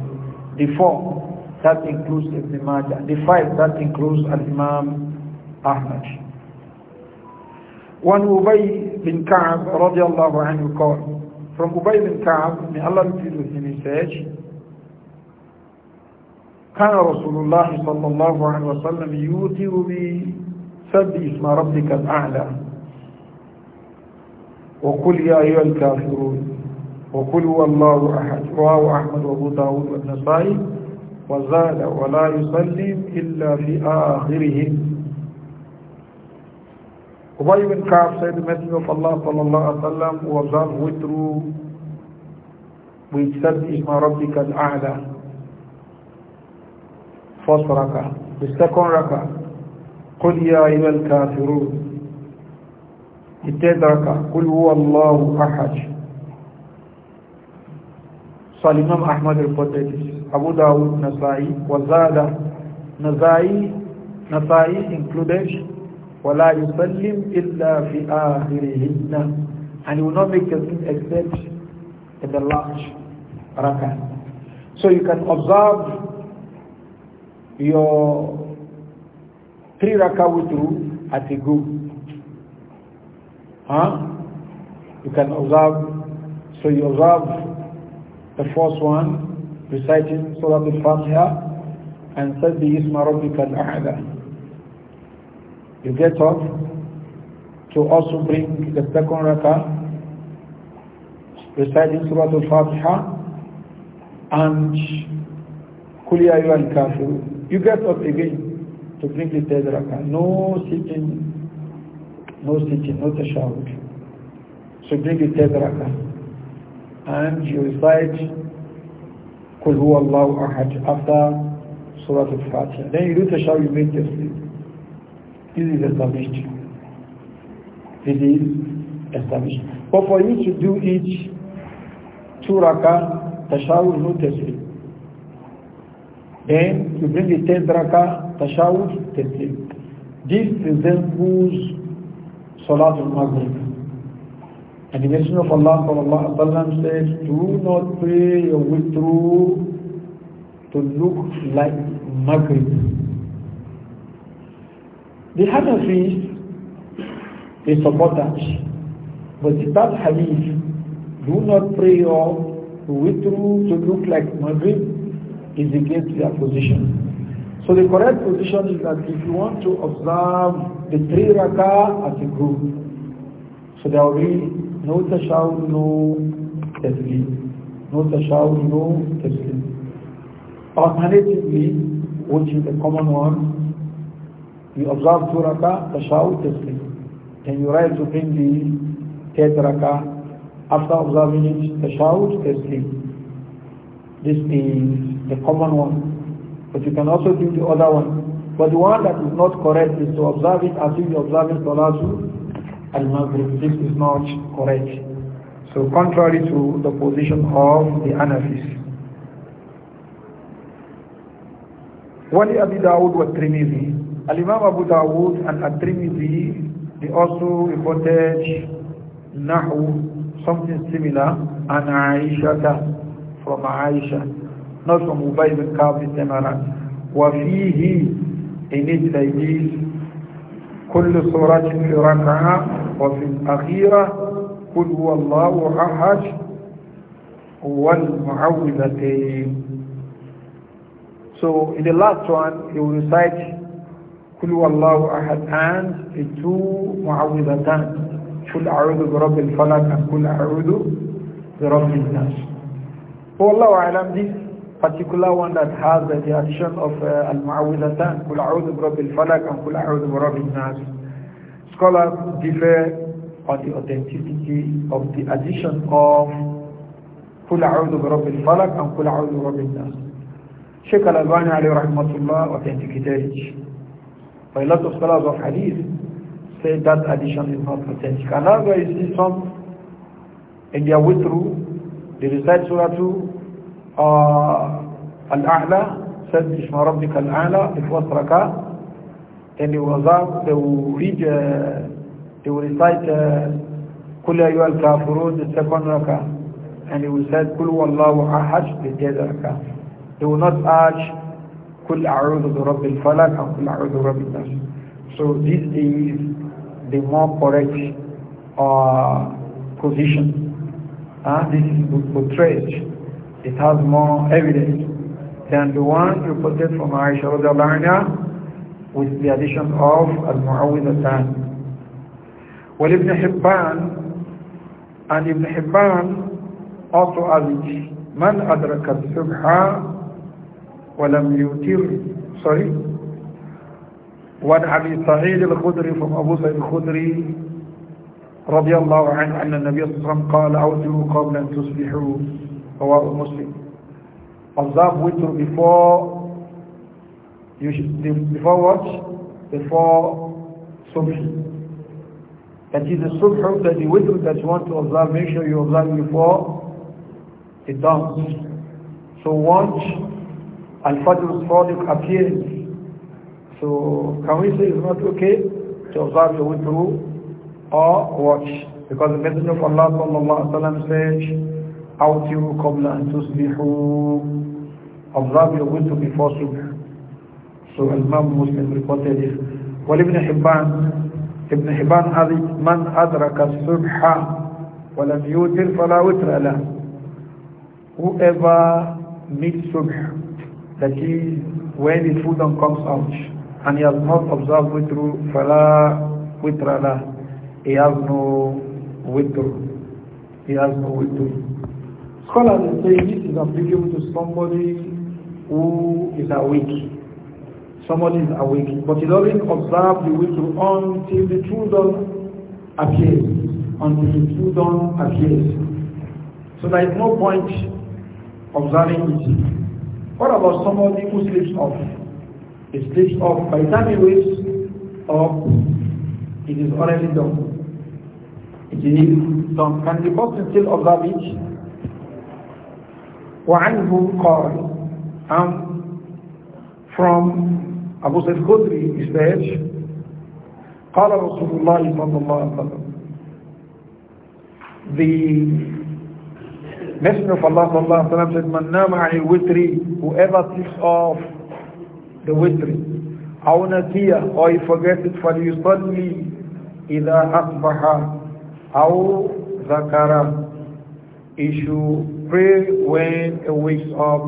The four, that includes Ibn Majah. The five, that includes Al-Imam Ahmad. One Ubay bin Ka'ab radiallahu anhu called. From Ubay bin Ka'ab, may Allah be with him, he said, كان رسول الله صلى الله عليه وسلم يوتي بسبح اسم ربك الأعلى وقل يا أيها الكافرون وقل هو الله أحد رواه أحمد وابو داود والنسائي وزال ولا يسلم إلا في آخرهم وباي من كعب سيد مسلم الله صلى الله عليه وسلم وزال وترو ويكسب اسم ربك الأعلى فصل ركع في قل يا أيها الكافرون اتدرك قل هو الله أحد صلى الله عليه أحمد الفتاتيس أبو داود نصائي وزاد نصائي نصائي انكلودش ولا يسلم إلا في آخرهن and you will not make the except at the last rakah. So you can observe your three rakah with you at the group. Huh? You can observe. So you observe the first one, reciting Surah Al-Fatiha, and say the Isma Rabbika Al-Ahada. You get up to also bring the second rakah, reciting Surah Al-Fatiha, and Kul Ya kafir You get up again to bring the third rakah. No sitting no sitting, no tashahud. So bring the third rakah. And you recite Qul Allahu ahad after Surah Al-Fatiha. Then you do tashahud, you make tasleep. This is established. This is establishment. But for you to do each two rakah, no Then you bring the ten rakah, tashahud, tasleep. This resembles Salatul Maghrib. And the Messenger of Allah sallallahu alaihi says, do not pray your withdrew to look like Maghrib. The Hanafis, they support But the bad Hadith, do not pray your withdrew to look like Maghrib is against their position. So the correct position is that if you want to observe the three rakah as a group, so there will be no tashawud, no taslim. No tashawud, no taslim. Alternatively, which is the common one, you observe two rakah, tashawud, taslim. Then you rise to bring the third rakah. After observing it, tashawud, taslim. This is the common one. But you can also do the other one. But the one that is not correct is to observe it as if you're observing Salatu al-Maghrib. This is not correct. So contrary to the position of the Anafis. ولأبي داود والترمذي الإمام Abu داود and trimizi. they also reported Nahu, something similar and Aisha from Aisha نشر موبايل كافي سمانا وفيه إن التجيز كل صورة في ركعة وفي الأخيرة قل هو الله أحد والمعوذتين So in the last one, you recite كل هو الله أحد and the two معوذتان كل أعوذ برب الفلك and كل أعوذ برب الناس. والله أعلم this particular one that has the addition of uh, al-mu'awwidhatan kul a'udhu bi rabbil falak and kul a'udhu bi rabbin nas scholars differ on the authenticity of the addition of kul a'udhu bi rabbil falak and kul a'udhu bi rabbin nas Sheikh al-Albani alayhi rahmatullah authenticated it but a lot of scholars of hadith say that addition is not authentic Another is this one in their way through they recite surah 2 uh, Al-A'la said Bishma Rabbika Al-A'la it was Raka and they was out they recite Kul Ya Al Kafirun the second Raka and he will say Kul Wallahu Ahad the third they will not urge Falak and Nas so this is the more correct uh, position uh, this is portrayed it has more evidence than the one reported from Aisha radiallahu anha with the addition of Al-Mu'awwidhatan. Well, Ibn Hibban and Ibn Hibban also added, من أدرك الصبح ولم يوتر sorry وعن أبي al الخدري from أبو al الخدري رضي الله عنه أن النبي صلى الله عليه وسلم قال أوتوا قبل أن تصبحوا or Muslim. Observe witr before you should, before watch Before subh. That is the subh that the witr that you want to observe, make sure you observe before the dawns. So watch Al-Fajr Sadiq appears. So can we say it's not okay to observe the witr or watch? Because the Messenger of Allah sallallahu alayhi wa sallam says, أو أوتروا قبل أن تصبحوا أبراب يغوثوا في فاسب سوء المام مسلم ريكوتي والابن حبان ابن حبان أذي من أدرك الصبح ولم يوتر فلا وتر ألا whoever meets subh that is when the food comes out and he has not observed witru fala witra la he has no witru he has no witru Scholars are saying this is applicable to somebody who is awake. Somebody is awake, but he doesn't observe the witr until the true dawn appears. Until the true dawn appears. So there is no point observing it. What about somebody who sleeps off? He sleeps off. By the time he wakes up, it is already done. It is done. Can the person still observe it? وعنه قال um, from Abu Sayyid Khudri is that قال رسول الله صلى الله عليه وسلم the Messenger of Allah صلى الله عليه وسلم said من نام عن الوتري whoever takes off the witr أو نسيه أو he forgets it فليصلي إذا أصبح أو ذكره You should pray when he wakes up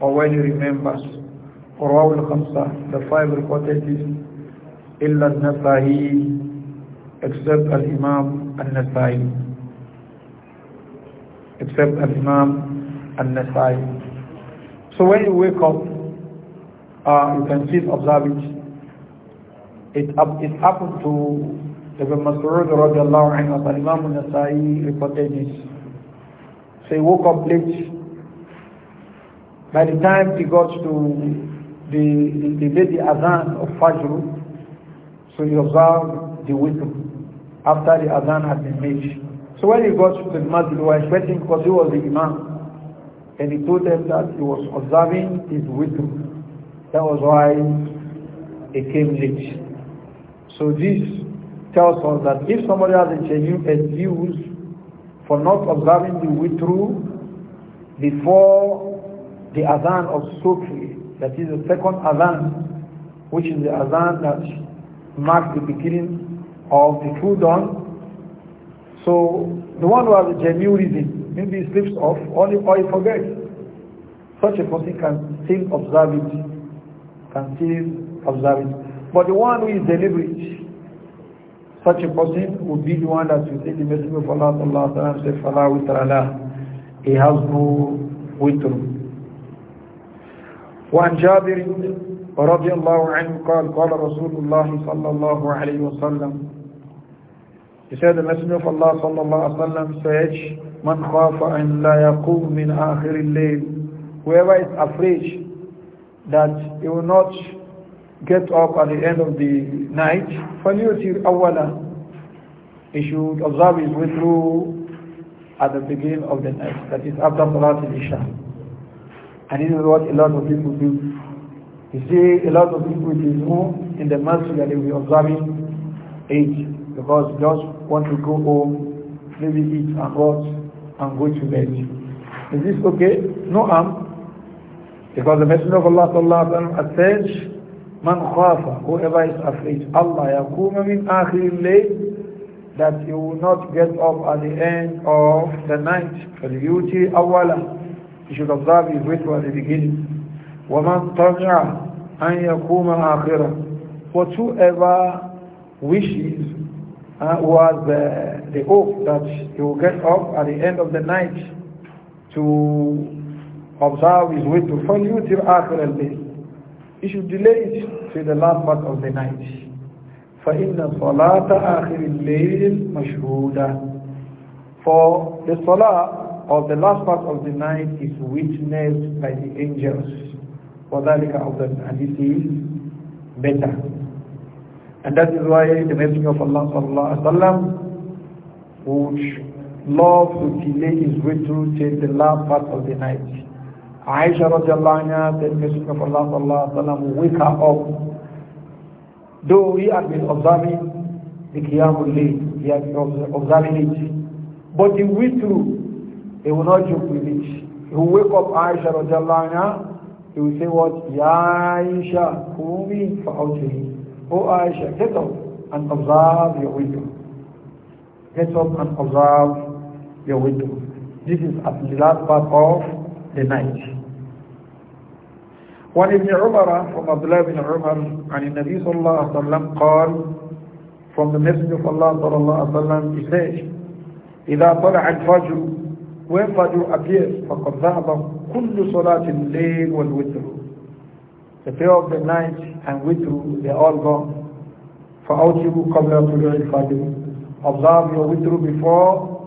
or when he remembers. Rawal Khamsa, the five reported is Illa Nasahi, except Al-Imam Al-Nasai. Except Al-Imam Al-Nasai. So when you wake up, uh, you can still observe it. It, it happened to Ibn Mas'ud radiallahu anhu, Al-Imam Al-Nasai reported this. So he woke up late. By the time he got to the, the, the lady Adhan of Fajr, so he observed the witr after the Adhan had been made. So when he got to the masjid, he was expecting because he was the imam. And he told them that he was observing his widow. That was why he came late. So this tells us that if somebody has a genuine excuse for not observing the witru before the adhan of Sufi, that is the second adhan, which is the adhan that marks the beginning of the true dawn. So the one who has a genuine reason, maybe he sleeps off only or he forgets. Such a person can still observe it, can still observe it. But the one who is deliberate, such a person would be the one that you say the Messenger of Allah sallallahu alayhi wa sallam said, Fala witrala. He has no witr. وعن جابر رضي الله عنه قال قال رسول الله صلى الله عليه وسلم He said the Messenger of Allah صلى الله عليه وسلم said من خاف أن لا يقوم من آخر الليل Whoever is afraid that he will not get up at the end of the night, فَلْيُؤْتِرْ أَوَّلًا He should observe his witru at the beginning of the night, that is after Salat isha And this is what a lot of people do. You see a lot of people it is home in the masjid that they will be observing eight because they just want to go home, maybe eat and rot and go to bed. Is this okay? No harm. Because the Messenger of Allah sallallahu alaihi wasallam said, Man khafa, whoever is afraid, Allah yakuma min akhir layl, that he will not get up at the end of the night. فَلْيُوتِي أَوَّلًا He should observe his way at the beginning. وَمَنْ طَمِعَ أَنْ يَكُومَ آخِرًا whoever wishes uh, was uh, the hope that he will get up at the end of the night to observe his witr. فَلْيُوتِي آخِرًا you should delay it to the last part of the night. فَإِنَّ صَلَاةَ آخِرِ اللَّيْلِ مَشْهُودًا For the salah of the last part of the night is witnessed by the angels. وَذَلِكَ the And this is better. And that is why the Messenger of Allah sallallahu alaihi wasallam would love to delay his way through till the last part of the night. Aisha radiallahu anha said, Messenger of Allah sallallahu alayhi wa wake her up. Though he had been observing the Qiyamul Layl, he had been observing it. But he will too, he will not joke with it. He will wake up Aisha radiallahu anha, he will say what? Ya Aisha, kumi fa'awtihi. Oh Aisha, get up and observe your window. Get up and observe your window. This is at the last part of the night. وابن عمر from Abdullah ibn Umar عن النبي صلى الله عليه وسلم قال from the Messenger of Allah صلى الله عليه وسلم he said إذا طلع الفجر when Fajr appears فقد ذهب كل صلاة الليل والوتر the prayer of the night and witr they all gone فأوتروا قبل طلوع الفجر observe your witr before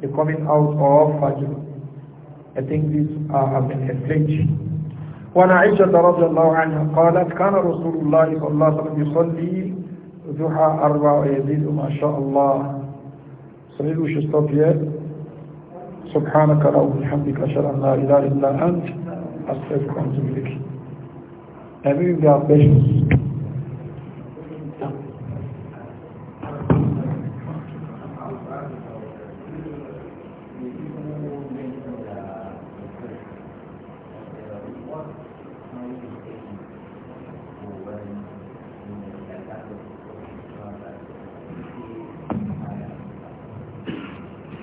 the coming out of Fajr I think these are have been explained وعن عائشة رضي الله عنها قالت كان رسول الله صلى الله عليه وسلم يصلي ضحى أربع ويزيد ما شاء الله صليل وش استطيع سبحانك رب وبحمدك أشهد أن لا إله إلا أنت أستغفرك وأتوب إليك Having their patience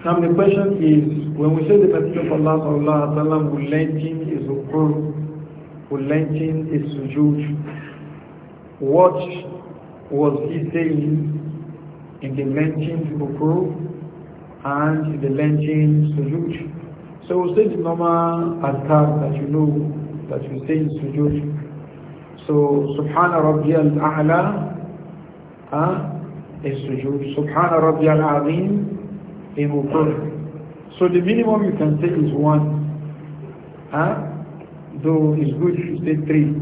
Now the question is, when we say the Messenger of Allah sallallahu alayhi wa sallam will lengthen his rukur, is lengthen sujood, what was he saying in the lengthened rukur and in the lengthened sujood? So we say the normal adhkar that you know, that you say in sujood. So, Subhana al A'la uh, is sujood. Subhana al Azim will ibuprofen. So the minimum you can take is one. Huh? Though it's good if you take three.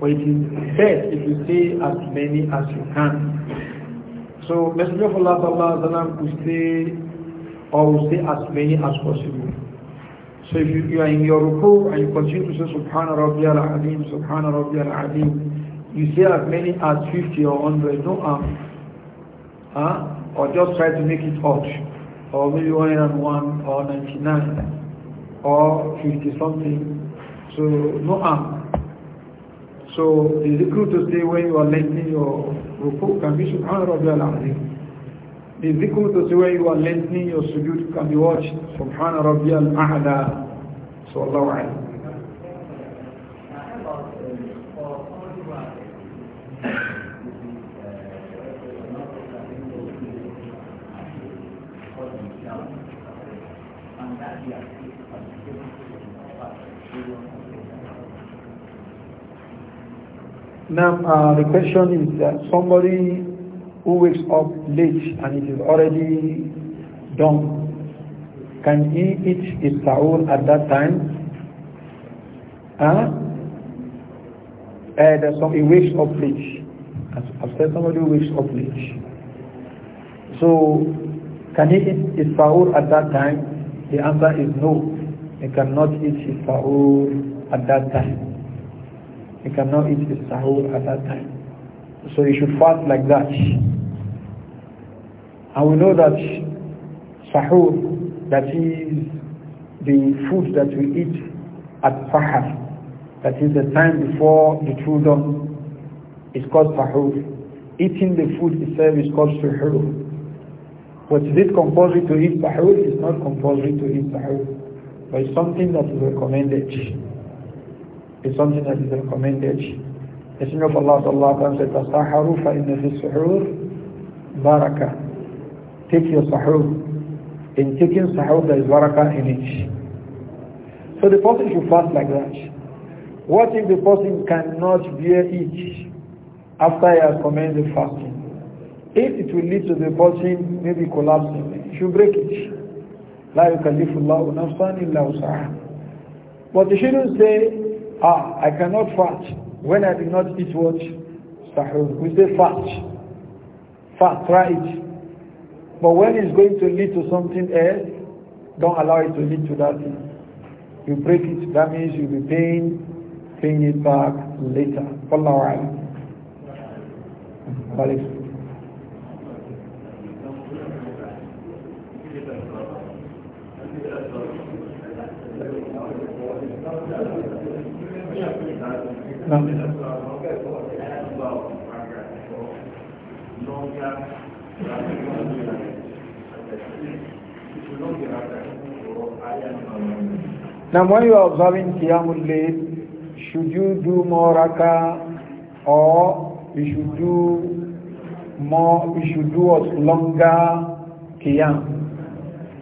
But it is best if you say as many as you can. So Messenger of Allah Sallallahu Alaihi Wasallam will say or will say as many as possible. So if you, you are in your ruku and you continue to say Subhana Rabbi al-Azim, Subhana Rabbi al-Azim, you say as many as 50 or 100, no harm. Um, huh? Or just try to make it out or maybe one and one or 99 or 50 something. So no harm. So the zikr to say when you are lengthening your ruku can be subhanahu wa ta'ala The zikr to say when you are lengthening your sujood can be watched subhanahu wa ta'ala. So Allah Now, uh, the question is that somebody who wakes up late and it is already done, can he eat his sahur at that time? Huh? And eh, there's some he wakes up late. I've said somebody who wakes up late. So, can he eat his sahur at that time? The answer is no. He cannot eat his sahur at that time he cannot eat his sahur at that time. So he should fast like that. And we know that sahur, that is the food that we eat at sahur, that is the time before the true dawn, is called sahur. Eating the food itself is called sahur. What is it compulsory to eat sahur? It's not compulsory to eat sahur. But it's something that is recommended is something that is recommended. The Messenger of Allah sallallahu wa said, Tasaharu fa inna fi suhur baraka. Take your sahur. In taking sahur there is baraka in it. So the person should fast like that. What if the person cannot bear it after he has commenced fasting? If it will lead to the person maybe collapsing, he should break it. لا يكلف الله نفسا إلا وسعها. But you shouldn't say Ah, I cannot fast when I did not eat what? Sahur. We say fast. Fast, try it. But when it's going to lead to something else, don't allow it to lead to that thing. You break it, that means you'll be paying, paying it back later. Allah me. Thank now when you are observing Qiyamul Layl, should you do more raka or you should do more, you should do what longer Qiyam,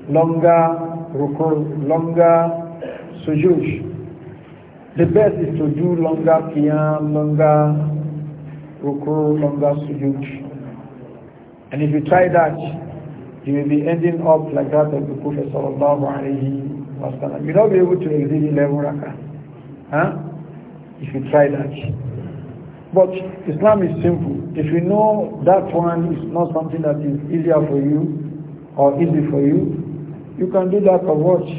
longer rukur, longer Sujush. The best is to do longer qiyam, longer ruku, longer sujood. And if you try that, you will be ending up like that of the Prophet sallallahu alayhi wa sallam. You'll not be able to exceed 11 rakah. Huh? If you try that. But Islam is simple. If you know that one is not something that is easier for you or easy for you, you can do that for watch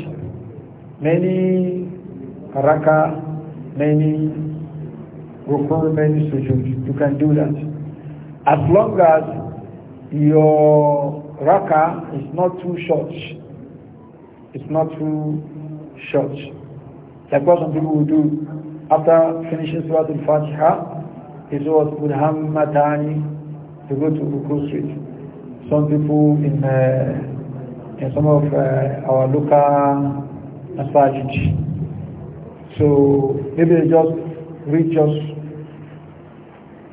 Many raka many require many sujood. You can do that. As long as your raka is not too short. It's not too short. Like what some people will do after finishing Surah Al-Fatiha, it was matani to go to Ruku Street. Some people in, uh, in some of uh, our local massages, so maybe they just read just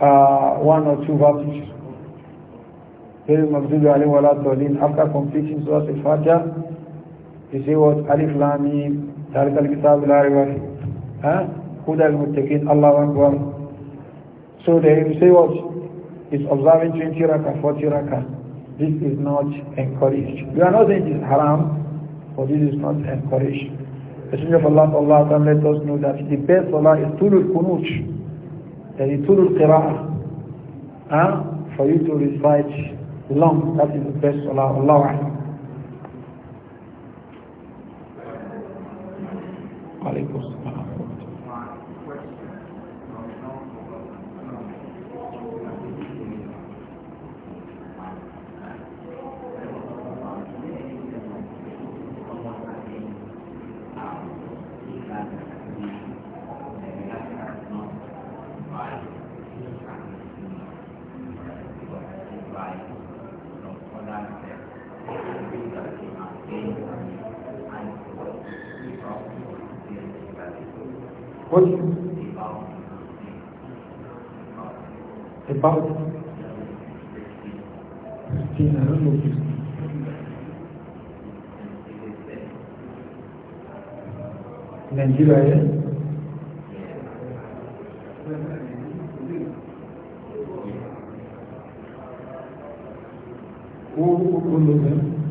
uh, one or two verses. After completing Surah Al-Fatiha, he say what Alif Lamim, ذلك الكتاب لا ريب فيه ها هدى للمتقين Allah أكبر so they say what is observing 20 rakah 40 rakah this is not encouraged we are not saying it is haram but this is not encouraged Messenger of Allah Allah then let us know that the best salah is tulul kunut that is tulul qira'ah huh? for you to recite long that is the best salah Allah Alaykum ojú ìpá tí ìrìn ló lò nàìjíríà yẹ ó ó lò mẹ́rin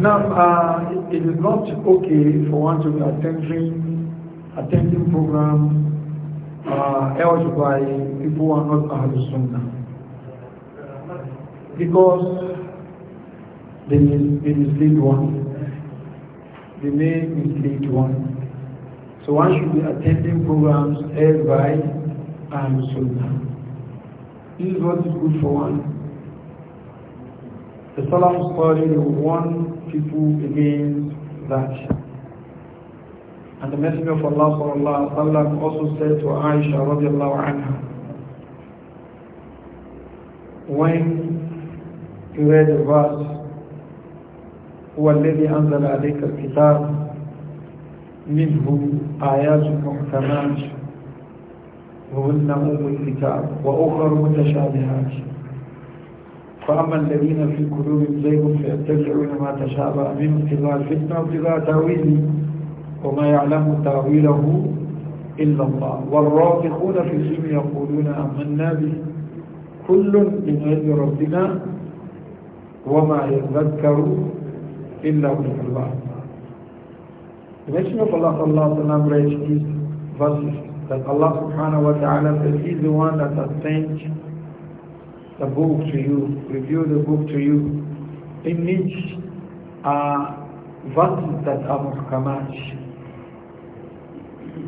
Now, uh, it is not okay for one to be attending attending program uh, held by people who are not Ahlul Sunnah. Because they, mis they mislead one. They may mislead one. So one should be attending programs held by Ahlul Sunnah. This is what is good for one the Salam's Salih will warn people against that. And the Messenger of Allah sallallahu sallam, also said to Aisha radiallahu anha, when you read the verse, هو الذي أنزل عليك الكتاب منه آيات محكمات وهن أم الكتاب وأخر متشابهات فأما الذين في قلوبهم زيغ فيتبعون ما تشابه منه ابتغاء الفتنة وابتغاء تأويله وما يعلم تأويله إلا الله والراسخون في العلم يقولون آمنا به كل من عند ربنا وما يذكر إلا من الله The mention of Allah sallallahu alayhi wa sallam read these verses that Allah subhanahu wa ta'ala says, the one that has the book to you, review the book to you, in which are uh, verses that are muhkamat.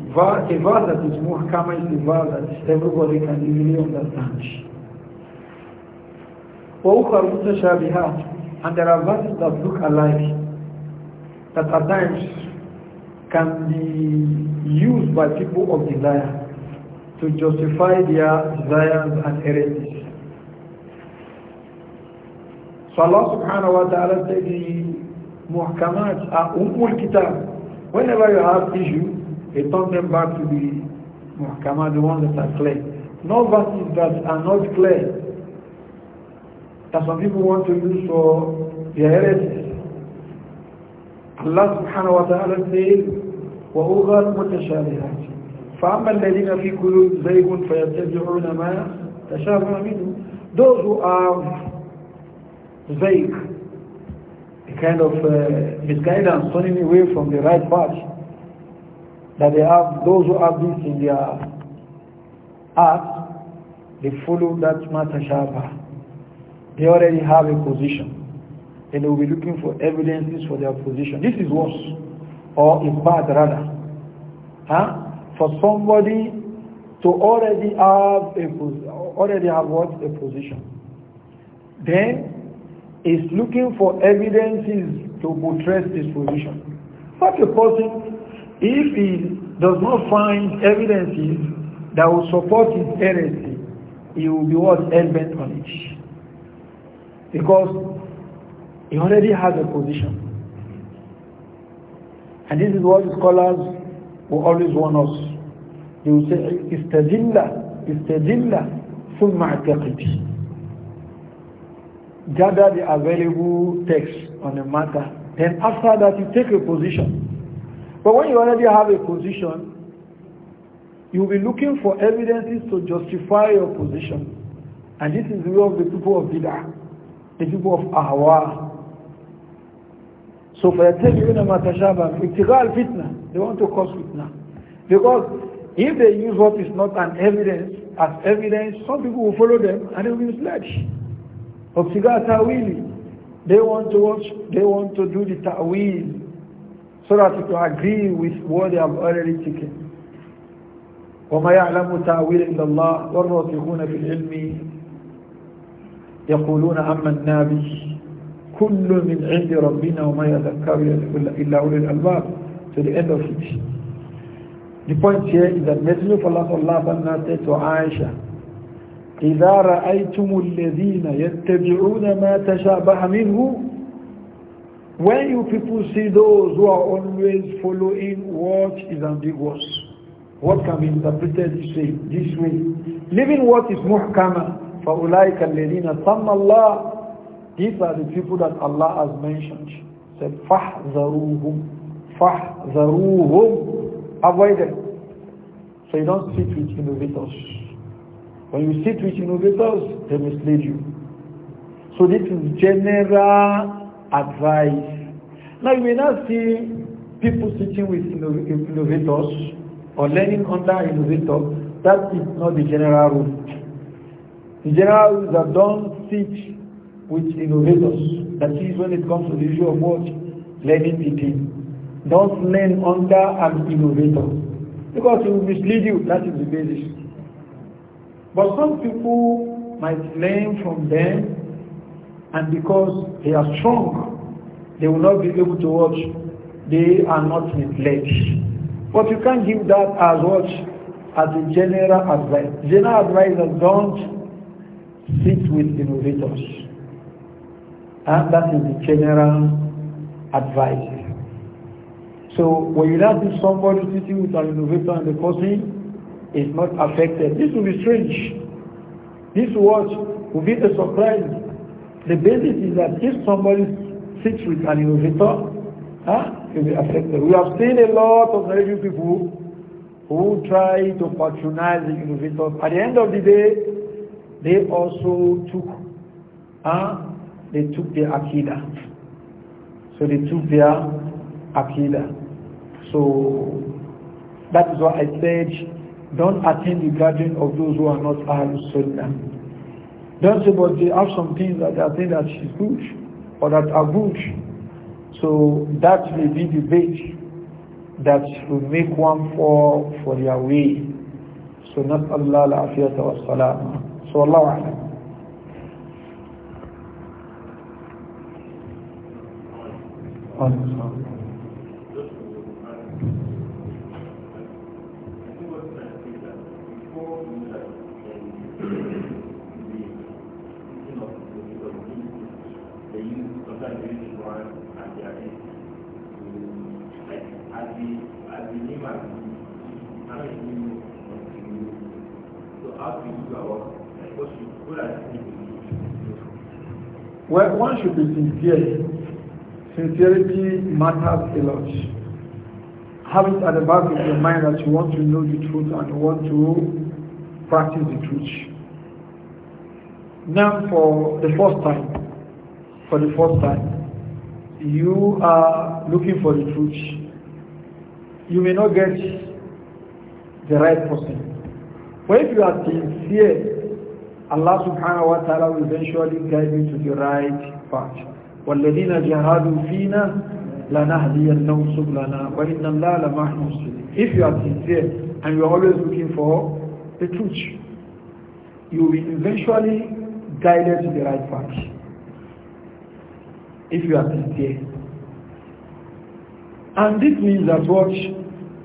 A verse that is muhkam is a verse that everybody can easily understand. وأخر متشابهات and there are verses that look alike that at times can be used by people of desire to justify their desires and heresies. فالله سبحانه وتعالى wa محكمات أم الكتاب muhkamat are umul kitab. Whenever you have issue, you turn them back to the muhkamat, the ones that are clear. No verses that are not clear. That some people want to use for their heresies. Allah subhanahu wa ta'ala says, وَأُغَى الْمُتَشَابِهَاتِ فَأَمَّا الَّذِينَ فِي قُلُوبٍ زَيْغٌ فَيَتَّبِعُونَ مَا تَشَابَهَ مِنْهُ Those who are vague, a kind of uh, misguidance, turning away from the right path. That they have, those who have this in their heart, they follow that matashaba. They already have a position. And they will be looking for evidences for their position. This is worse, or is bad rather. Huh? For somebody to already have a already have what a position. Then is looking for evidences to buttress his position. But a person, if he does not find evidences that will support his heresy, he will be what? Hell-bent on it. Because he already has a position. And this is what scholars will always warn us. They will say, استدل استدل ثم اعتقد gather the available text on the matter. Then after that, you take a position. But when you already have a position, you'll be looking for evidences to justify your position. And this is the way of the people of Bid'ah, the people of Ahwa. So for the Tajiruna Matashaban, Iktigal Fitna, they want to cause Fitna. Because if they use what is not an evidence as evidence, some people will follow them and they will be misled. Wabtiga ta'wili. They want to watch, they want to do the ta'wil so that it will agree with what they have already taken. وما يعلم تأويل إلا الله والراسخون في العلم يقولون أما النبي كل من عند ربنا وما يذكر إلا أولي الألباب to the end of it. The point here is that Messenger of Allah sallallahu alaihi wasallam said to Aisha إذا رأيتم الذين يتبعون ما تشابه منه when you people see those who are always following what is ambiguous what can be interpreted this way, this way. living what is muhkama فَأُولَٰئِكَ الَّذِينَ صم اللَّهِ These are the people that Allah has mentioned. Said, فَحْذَرُوهُمْ فَحْذَرُوهُمْ Avoid them. So you don't sit with innovators. When you sit with innovators, they mislead you. So this is general advice. Now you may not see people sitting with innovators or learning under innovators. That is not the general rule. The general rule is that don't sit with innovators. That is when it comes to the issue of what? Learning teaching. Don't learn under an innovator. Because it will mislead you. That is the basis. But some people might learn from them and because they are strong, they will not be able to watch. They are not neglected. But you can't give that as what? As a general advice. General advice is don't sit with innovators. And ah, that is the general advice. So when you have somebody sitting with an innovator and the person is not affected. This will be strange. This watch will be a surprise. The basis is that if somebody sits with an innovator, huh, it will be affected. We have seen a lot of Nigerian people who try to patronize the innovators. At the end of the day, they also took, huh, they took their akida. So they took their akida. So that is what I said Don't attend the gathering of those who are not Ahlul Sunnah. Don't say, but they have some things that they think that is good or that are good. So that may be the bait that will make one fall for their way. So not Allah la afiyata wa salama. So Allah alam. On Well, one should be sincere. Sincerity matters a lot. Have it at the back of your mind that you want to know the truth and you want to practice the truth. Now, for the first time, for the first time, you are looking for the truth. You may not get the right person. But if you are sincere Allah subhanahu wa ta'ala will eventually guide you to the right path. وَالَّذِينَ جَهَادُوا فِينَا لَنَهْدِيَنَّهُمْ سُبْلَنَا وَإِنَّ اللَّهَ لَمَعْنَ If you are sincere and you are always looking for the truth, you will be eventually guided to the right path. If you are sincere. And this means that what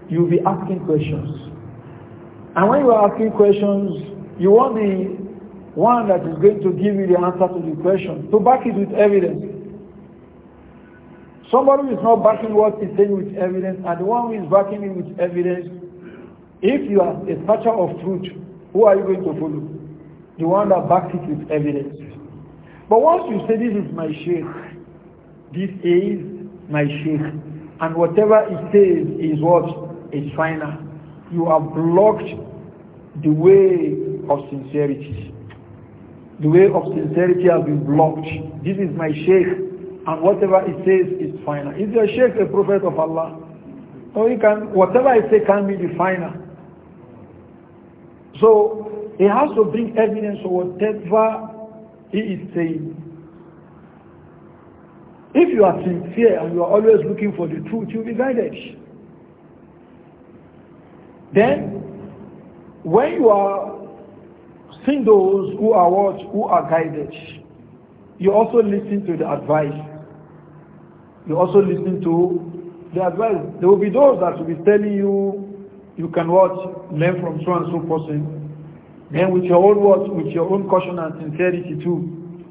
you will be asking questions. And when you are asking questions, you want the one that is going to give you the answer to the question. To back it with evidence. Somebody who is not backing what he's saying with evidence, and the one who is backing it with evidence, if you are a searcher of truth, who are you going to follow? The one that backs it with evidence. But once you say, this is my sheikh, this is my sheikh, and whatever he says is what is final, you have blocked the way of sincerity. The way of sincerity has been blocked. This is my sheikh and whatever he says is final. Is your sheikh a prophet of Allah? So he can, whatever I say can be the final. So he has to bring evidence of whatever he is saying. If you are sincere and you are always looking for the truth, you'll be guided. Then, when you are Listen those who are what who are guided. You also listen to the advice. You also listen to the advice. There will be those that will be telling you you can watch, learn from so and so person. Then with your own words, with your own caution and sincerity too.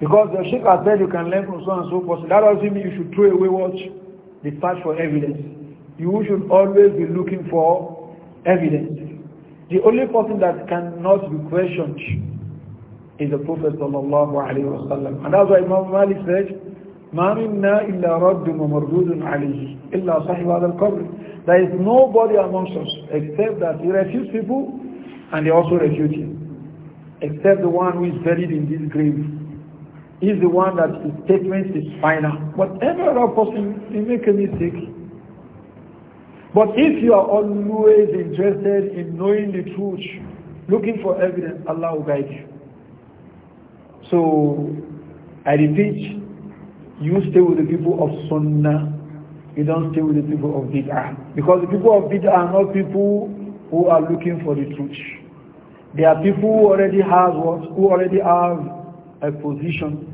Because the Sheikh has said you can learn from so and so person. That doesn't mean you should throw away what the search for evidence. You should always be looking for evidence. The only person that cannot be questioned is the Prophet sallallahu alayhi wa sallam. And that's why Imam Ali said, مَا مِنَّا إِلَّا رَدٌ وَمَرْدُودٌ عَلَيْهِ إِلَّا صَحِبَ هَذَا الْقَبْرِ There is nobody amongst us except that he refutes people and he also refutes him. Except the one who is buried in this grave. He's the one that his statement is final. Whatever other person, he make a mistake. But if you are always interested in knowing the truth, looking for evidence, Allah will guide you. So, I repeat, you stay with the people of Sunnah. You don't stay with the people of Bid'ah. Because the people of Bid'ah are not people who are looking for the truth. They are people who already have what? Who already have a position.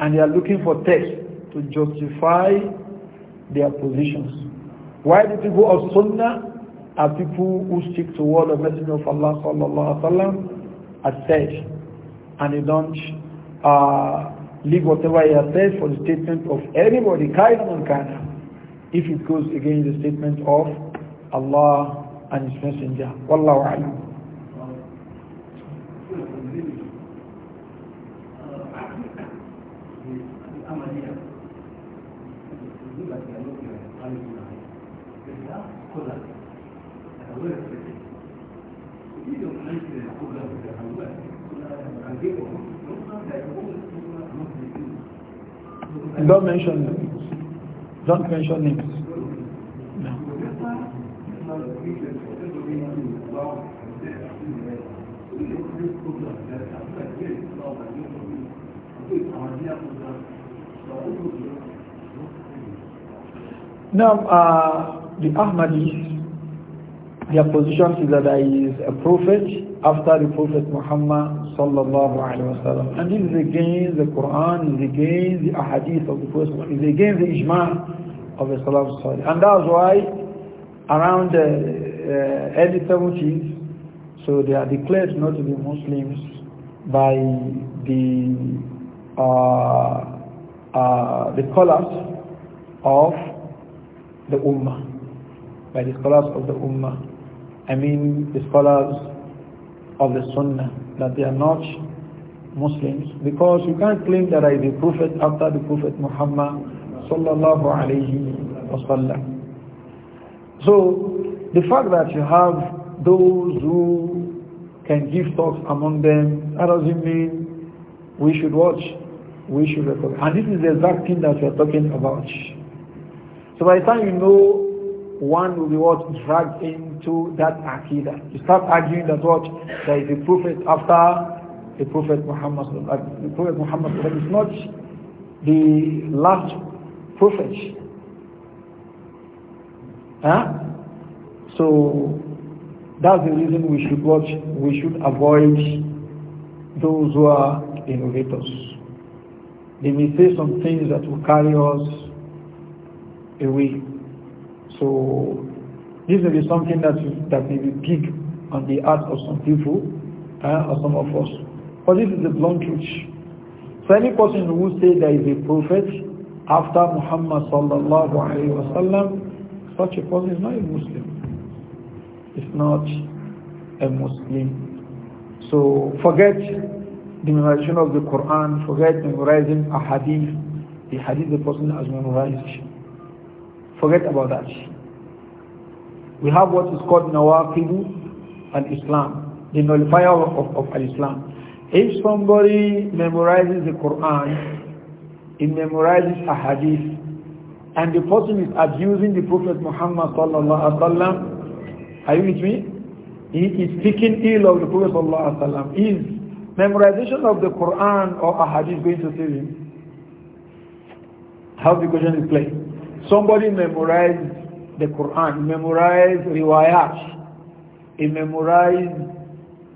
And they are looking for text to justify their positions. Why the people of Sunnah are people who stick to what the Messenger of Allah sallallahu alaihi wasallam has said, and they don't uh, leave whatever he has said for the statement of anybody, kind or kainam, if it goes against the statement of Allah and His Messenger. Wallahu alam. Don't mention names. Don't mention names. Now, uh, the Ahmadis, their position is that there is is a prophet after the Prophet Muhammad sallallahu alayhi wa sallam. And this is against the Quran, is against the ahadith of the Prophet, is against the ijma of the Salaf Salih. And that's why around the uh, early 70s, so they are declared not to be Muslims by the uh, uh, the scholars of the Ummah, by the scholars of the Ummah. I mean the scholars of the Sunnah that they are not Muslims because you can't claim that I is a prophet after the Prophet Muhammad sallallahu alaihi wasallam. So the fact that you have those who can give talks among them, that doesn't mean we should watch, we should record. And this is the exact thing that we are talking about. So by the time you know one will be what dragged into that aqidah. You start arguing that what there is a prophet after the prophet Muhammad. The prophet Muhammad is not the last prophet. Huh? So that's the reason we should watch, we should avoid those who are innovators. They may say some things that will carry us away. So this will be something that, that may be big on the heart of some people uh, or some of us. But this is the blunt truth. So any person who will say there is a prophet after Muhammad sallallahu alayhi wasallam, such a person is not a Muslim. It's not a Muslim. So forget the memorization of the Quran, forget memorizing a hadith, the hadith the person has memorized. Forget about that. We have what is called Nawaqidu and Islam, the nullifier of, of, of Islam. If somebody memorizes the Quran, he memorizes a hadith, and the person is abusing the Prophet Muhammad sallallahu alaihi wasallam, are you with me? He is speaking ill of the Prophet sallallahu alaihi wasallam. Is memorization of the Quran or a hadith going to save him? How the question is played. Somebody memorizes the Quran, he memorized riwayat, he memorized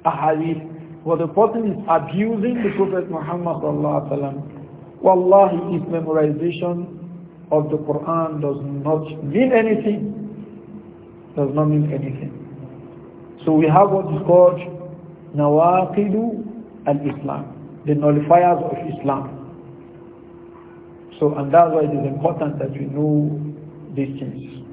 ahadith. What the person is abusing the Prophet Muhammad sallallahu alaihi wasallam. Wallahi, his memorization of the Quran does not mean anything. Does not mean anything. So we have what is called Nawaqidu al-Islam, the nullifiers of Islam. So, and that's why it is important that we know these things.